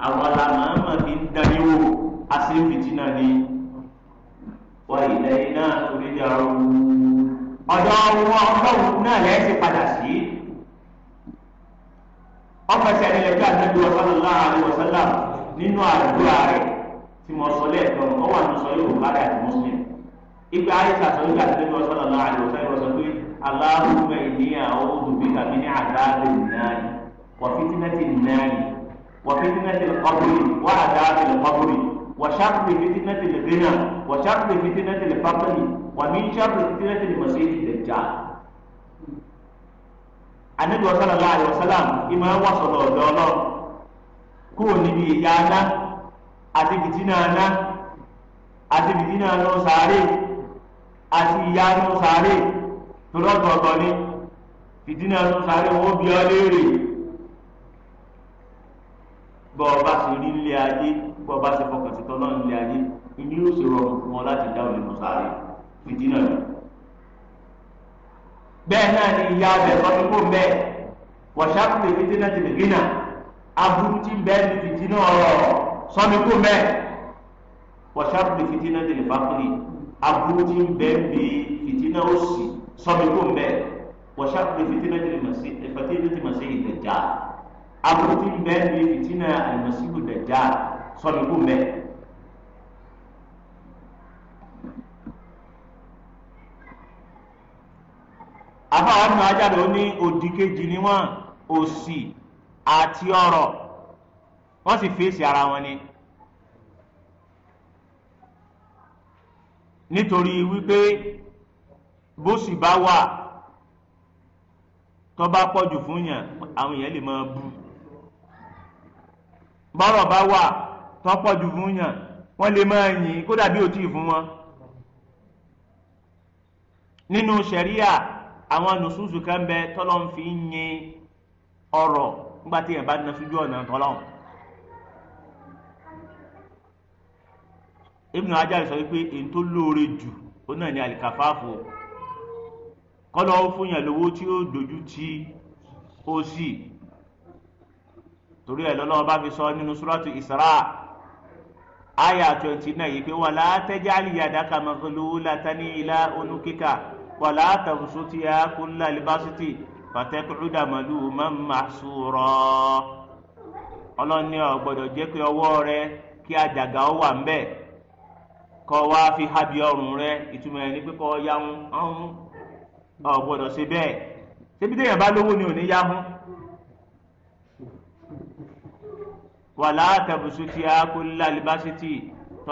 àwọn alámàámà ti ń darí wò á sí fìtínà ni وإلينا ترجعون ọ̀dọ̀ ọ̀rọ̀ ọlọ́run náà lẹ́sìn padà sí ọ̀fẹsẹ̀ rẹ̀ lẹ́gbẹ́ àtẹ́bí sallallahu alaihi wasallam nínú àdúrà rẹ̀ tí mo sọ lẹ́ẹ̀kan ọ wà ní sọ yóò kárí àti Muslim ìgbà àyíṣà sọ nígbà tí mo sallallahu alaihi wasallam sọ pé Allahumma inni a'udhu bika min adhabin nar wa fitnatin nar wa fitnatil qabr wa adhabil qabr wa sharri fitnatil ghina wa sharri fitnatil faqr wa min anabi sallallahu alaihi wasallam ìmọ̀ ẹ̀ wàsọ̀dọ̀ ọ̀dọ̀ ọlọ́ kúrò níbi ìyá aná àti bìtínà aná àti bìtínà aná sàárè àti ìyá aná sàárè torí ọ̀tọ̀ọ̀tọ̀ ni bìtínà aná sàárè wọn ó bí ọ léèrè bọ́ ọba sì rí nílé ayé bọ́ ọba sì fọkàn sí tọ́lọ́ nílé ayé ìní yóò ṣe rọrùn fún ọ láti dá òlè nù bìtínà náà bẹ́ẹ̀ náà ni ìyá abẹ sọ ní kó mbẹ́ wọ̀ṣáàpù fìdí náà ti lè gbìnà aburú ti bẹ́ẹ̀ ní fìdí náà ọ̀rọ̀ sọ ní kó mbẹ́ wọ̀ṣáàpù fìdí náà ti lè fàkùnì aburú ti bẹ́ẹ̀ bí fìdí náà ó sì sọ ní kó mbẹ́ wọ̀ṣáàpù fìdí náà màsí ìfàtí náà ti màsí ìdẹ̀já aburú ti bẹ́ẹ̀ bí fìdí náà àlùmọ̀sí ìdẹ̀já sọ ní kó àfáwọn ọmọ ajáde ó ní òdì kejì ni wọn òsì àti ọrọ̀ wọn sì fèsì ara wọn ni nítorí wípé bóṣì bá wà tó bá pọ̀jù fún yàn àwọn èèyàn lè máa bú bọ́rọ̀ bá wà tó pọ̀jù fún yàn wọ́n lè máa yìn kódà bí ò fún wọn nínú sẹ̀ríà àwọn nùsùsù kan bẹ tọ́lọ́ ń fi ń yin ọ̀rọ̀ nígbà tí yẹn bá na sójú ọ̀nà tọ́lọ́ Ibn Hajar sọ wípé èyí tó lóore jù ó náà ní àlìkàfáàfò kọ́lọ́ fún yàn lówó tí ó dojú tí ó sì torí ẹ̀ lọ́lọ́wọ́ bá fi sọ nínú Suratu Isra aya twenty nine yìí pé wala taj'al yadaka maghlulatan ila unukika. wàlá tàbùsùtì àkúnlá libásítì fàtẹ́kùrúdà màlúù mọ́mà ọlọ́ni ọ̀gbọ́dọ̀ jẹ́ pé ọwọ́ rẹ kí àjàgà ó wà ńbẹ̀ kọ́ wá fi hábi ọrùn rẹ ìtumọ̀ ẹni pé ya ń ọ̀hún ọ̀gbọ́dọ̀ ṣe bẹ́ẹ̀ ṣébi téèyàn bá lówó ni ò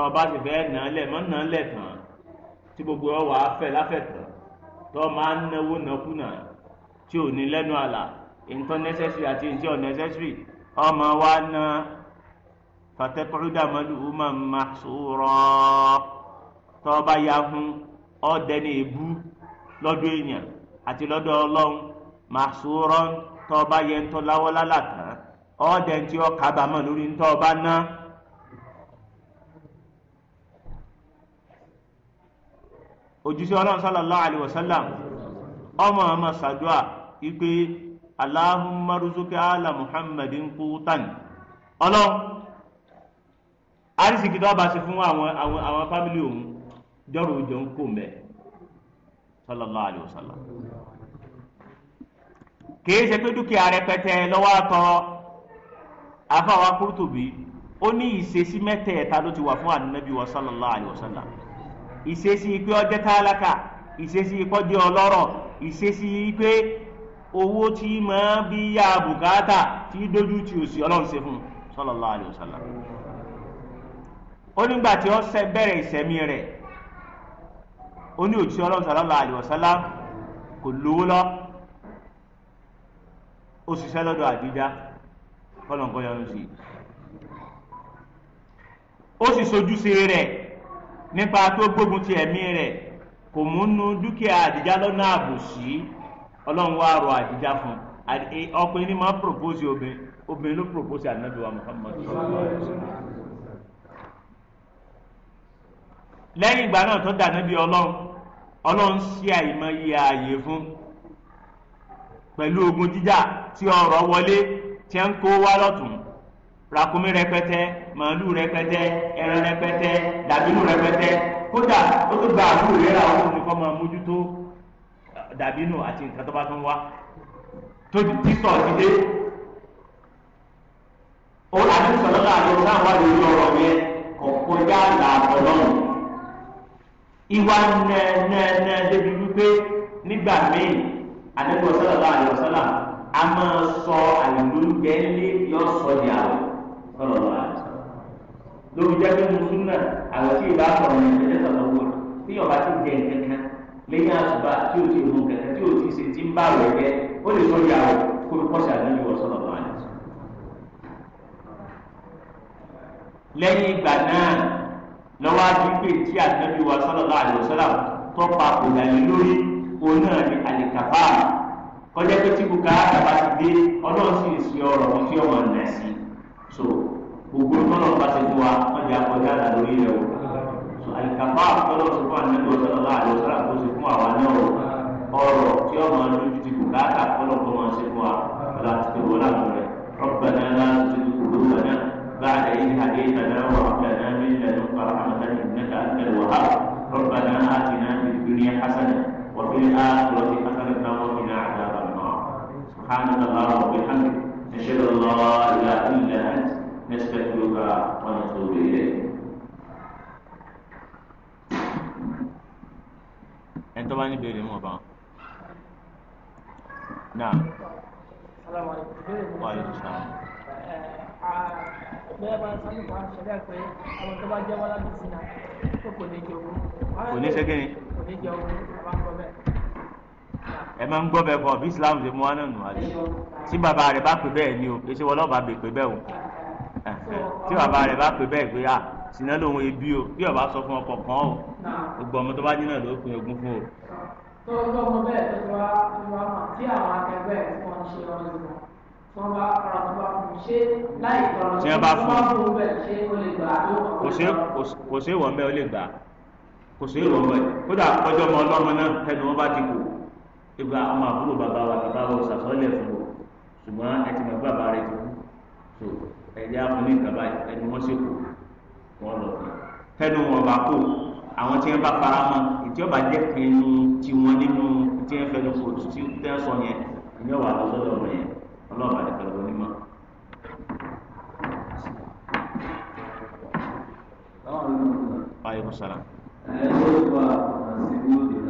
ọ bá fẹ́ nà án lẹ̀ mọ́ nà án lẹ̀ tán tí ọ wà á fẹ́ tó máa ń náwó nàkúnà tí ò ní lẹ́nu àlà nǹkan necessary àti nǹkan unnecessary ọmọ wa ná fatẹ́kọ̀rọ́dàmọ́lù ọmọ màṣúrọ̀ tó bá ya fún ọ̀dẹ ní ebú lọ́dọ̀ èèyàn àti lọ́dọ̀ ọlọ́run màṣúrọ̀ tó bá yẹ ń tọ́ láwọ́ lálàtàn ọ̀dẹ tí ó kábàámọ̀ lórí ń tọ́ ọba náà. ojúṣe ọlọ́run sallallahu alaihi wasallam ọmọ ọmọ sàdúà ipe Allahumma ruzuki ala Muhammadin qutan ọlọ́run arísìkì tó bá ṣe fún àwọn àwọn àwọn fámìlì òun jọrò jọ ń kó mẹ sallallahu alaihi wasallam kìí ṣe pé dúkìá rẹpẹtẹ lọ́wọ́ àtọ́ àfàwọn Qurtubi ó ní ìṣesí mẹ́tẹ̀ẹ̀ta ló ti wà fún ànábì wa sallallahu alaihi ìṣesí pé ọjẹ́ tálákà ìṣesí pọ́jẹ́ ọlọ́rọ̀ ìṣesí pé owó tí máa bí yá bùkátà tí dójú tì òsì ọlọ́run ṣe fún un sallallahu alaihi wasallam ó nígbà tí ó bẹ̀rẹ̀ ìṣẹ̀mí rẹ̀ ó ní òjì ọlọ́run sallallahu alaihi wasallam kò lówó lọ ó ṣiṣẹ́ lọ́dọ̀ àdíjá kọ́lọ̀ nǹkan yọrù sí i ó sì sojúṣe rẹ̀ nípa tó gbógun ti ẹ̀mí rẹ̀ kò mú nu dúkìá àdìjá lọ́nà àbòsí ọlọ́run wá rọ àdìjá fún ọkùnrin ni máa propose obìnrin obìnrin ló propose ànábì wa Muhammad lẹ́yìn ìgbà náà tó dànù bí ọlọ́run ọlọ́run ṣí àìmọye ààyè fún pẹ̀lú ogun jíjà tí ọrọ̀ wọlé tí ń kó Rakumi rẹpẹtẹ màálù rẹpẹtẹ ẹran rẹpẹtẹ dàbínú rẹpẹtẹ kódà ó tó gba àbúrò la ra òun nìkan máa mójútó dàbínú àti nǹkan tó bá tún wá tó títọ̀ dídé òun àti sọ̀rọ̀ náà ló náà wà lórí ọ̀rọ̀ yẹn kọ̀ọ̀kan yá là ọlọ́run ìwà nẹ́ẹ̀nẹ́ẹ̀nẹ́ débi wípé nígbà míì àdébọ̀ sọ̀rọ̀ náà lọ́sọ̀rọ̀ a máa sọ àlùlù gbẹ́lẹ́ yọ sọ ní àwọn sọ̀rọ̀ wà. lórí jáde mùsùlùmí náà àwọn tí ìbá sọ̀rọ̀ ní ìjẹ́jẹ́ sọ̀rọ̀ wò tí yọ̀bá ti jẹ nǹkankan lẹ́yìn àtúbà tí o ti mú nǹkankan tí o ti ṣe ti ń bá rẹ̀ jẹ́ ó lè sọ yà ó kó o kọ́sí àná yìí wọ sọ̀rọ̀ wà. lẹ́yìn ìgbà náà lọ́wọ́ àdúgbò tí àtẹ́bí wa sọ̀rọ̀ láàrin òṣèlú tọ́pa kò dàní lórí òun náà ni àlìkàfà kọjá pé tí bùkátà bá ti dé ọlọ́run sì ń ṣe ọ̀rọ̀ fún ọmọ nà sí i so gbogbo tọ́lọ̀ bá ti fún wa wọ́n jẹ́ akọjá àdá lórí rẹ̀ o so àyíkàfà tọ́lọ̀ tó fún àná ìwọ̀n sọ̀rọ̀ láàrin ọ̀sán àkóso ṣe fún àwa náà o ọ̀rọ̀ tí ọmọ lójú ti kù káàkà tọ́lọ̀ tó máa ṣe fún wa ọ̀là àti tẹ̀wọ́ làwọn rẹ̀ ربنا لا تزغ قلوبنا بعد إذ هديتنا وهب لنا من لدنك رحمة إنك أنت الوهاب ربنا آتنا في الدنيا حسنة وفي الآخرة حسنة وقنا عذاب النار سبحانك اللهم وبحمدك نشهد ان لا إله إلا انت نستغفرك ونتوب اليك ẹni tó bá ní ìbéèrè mọ̀ eh, ah, bá wọn. náà. wà á yóò sàn. bẹ́ẹ̀ bá sanu bá ṣẹlẹ̀ pé àwọn tó bá jẹ́ wọ́n láti sinmi kò ní jẹun. kò ní sẹ́kẹ̀ni. kò ní jẹun bá ń bọ̀ bẹ́ẹ̀ ẹ máa ń gbọ́ bẹ́ẹ̀ fún ọ bí islam ṣe mú wa náà nù àbí tí bàbá rẹ̀ bá pè bẹ́ẹ̀ ni o kì í ṣe wọ́n lọ́ba bè pé bẹ́ẹ̀ o tí bàbá rẹ̀ bá pè bẹ́ẹ̀ pé à sìnà lòun ebi o bí ọba sọ fún ọkọ kan o gbogbo ọmọ tó bá dín náà ló pin ogún fún o. tó o tó ọmọ bẹ́ẹ̀ tó wá wá mà tí àwọn akẹgbẹ́ ẹ tí wọn ṣe ọdún wọn tí wọn bá ara tó bá fún un ṣé láì tọrọ tí wọn bá fún un bẹ́ẹ̀ ṣé o lè gbà á ló kò sí ìwọ̀n bẹ́ẹ̀ o lè gbà á kò sí ìwọ̀n bẹ́ẹ̀ kódà ọjọ́ ọmọ ọlọ́mọ náà tẹnu wọn bá ti kù ìgbà ọmọ àbúrò bàbá wa bàbá wa ò sàkọọ́lẹ̀ fún o ṣùgbọ́n ẹ ti mọ̀ bàbá rẹ tó so ẹ̀yà fún ní ìkàbá ẹni wọ́n ṣe kù wọ́n lọ fún un. tẹnu wọn bá kó àwọn tí wọn bá fara mọ́ ìtí ọba jẹ pinnu tiwọn nínú tí wọn fẹnu kò tí ó tẹ sọ yẹn ní ọwà lọsọdọ ọmọ yẹn ọlọ́ọ̀bà nìkan ló ní mọ́. báwo ni wọn. báyìí mo sara. ẹ ló wà àti ìwé òde.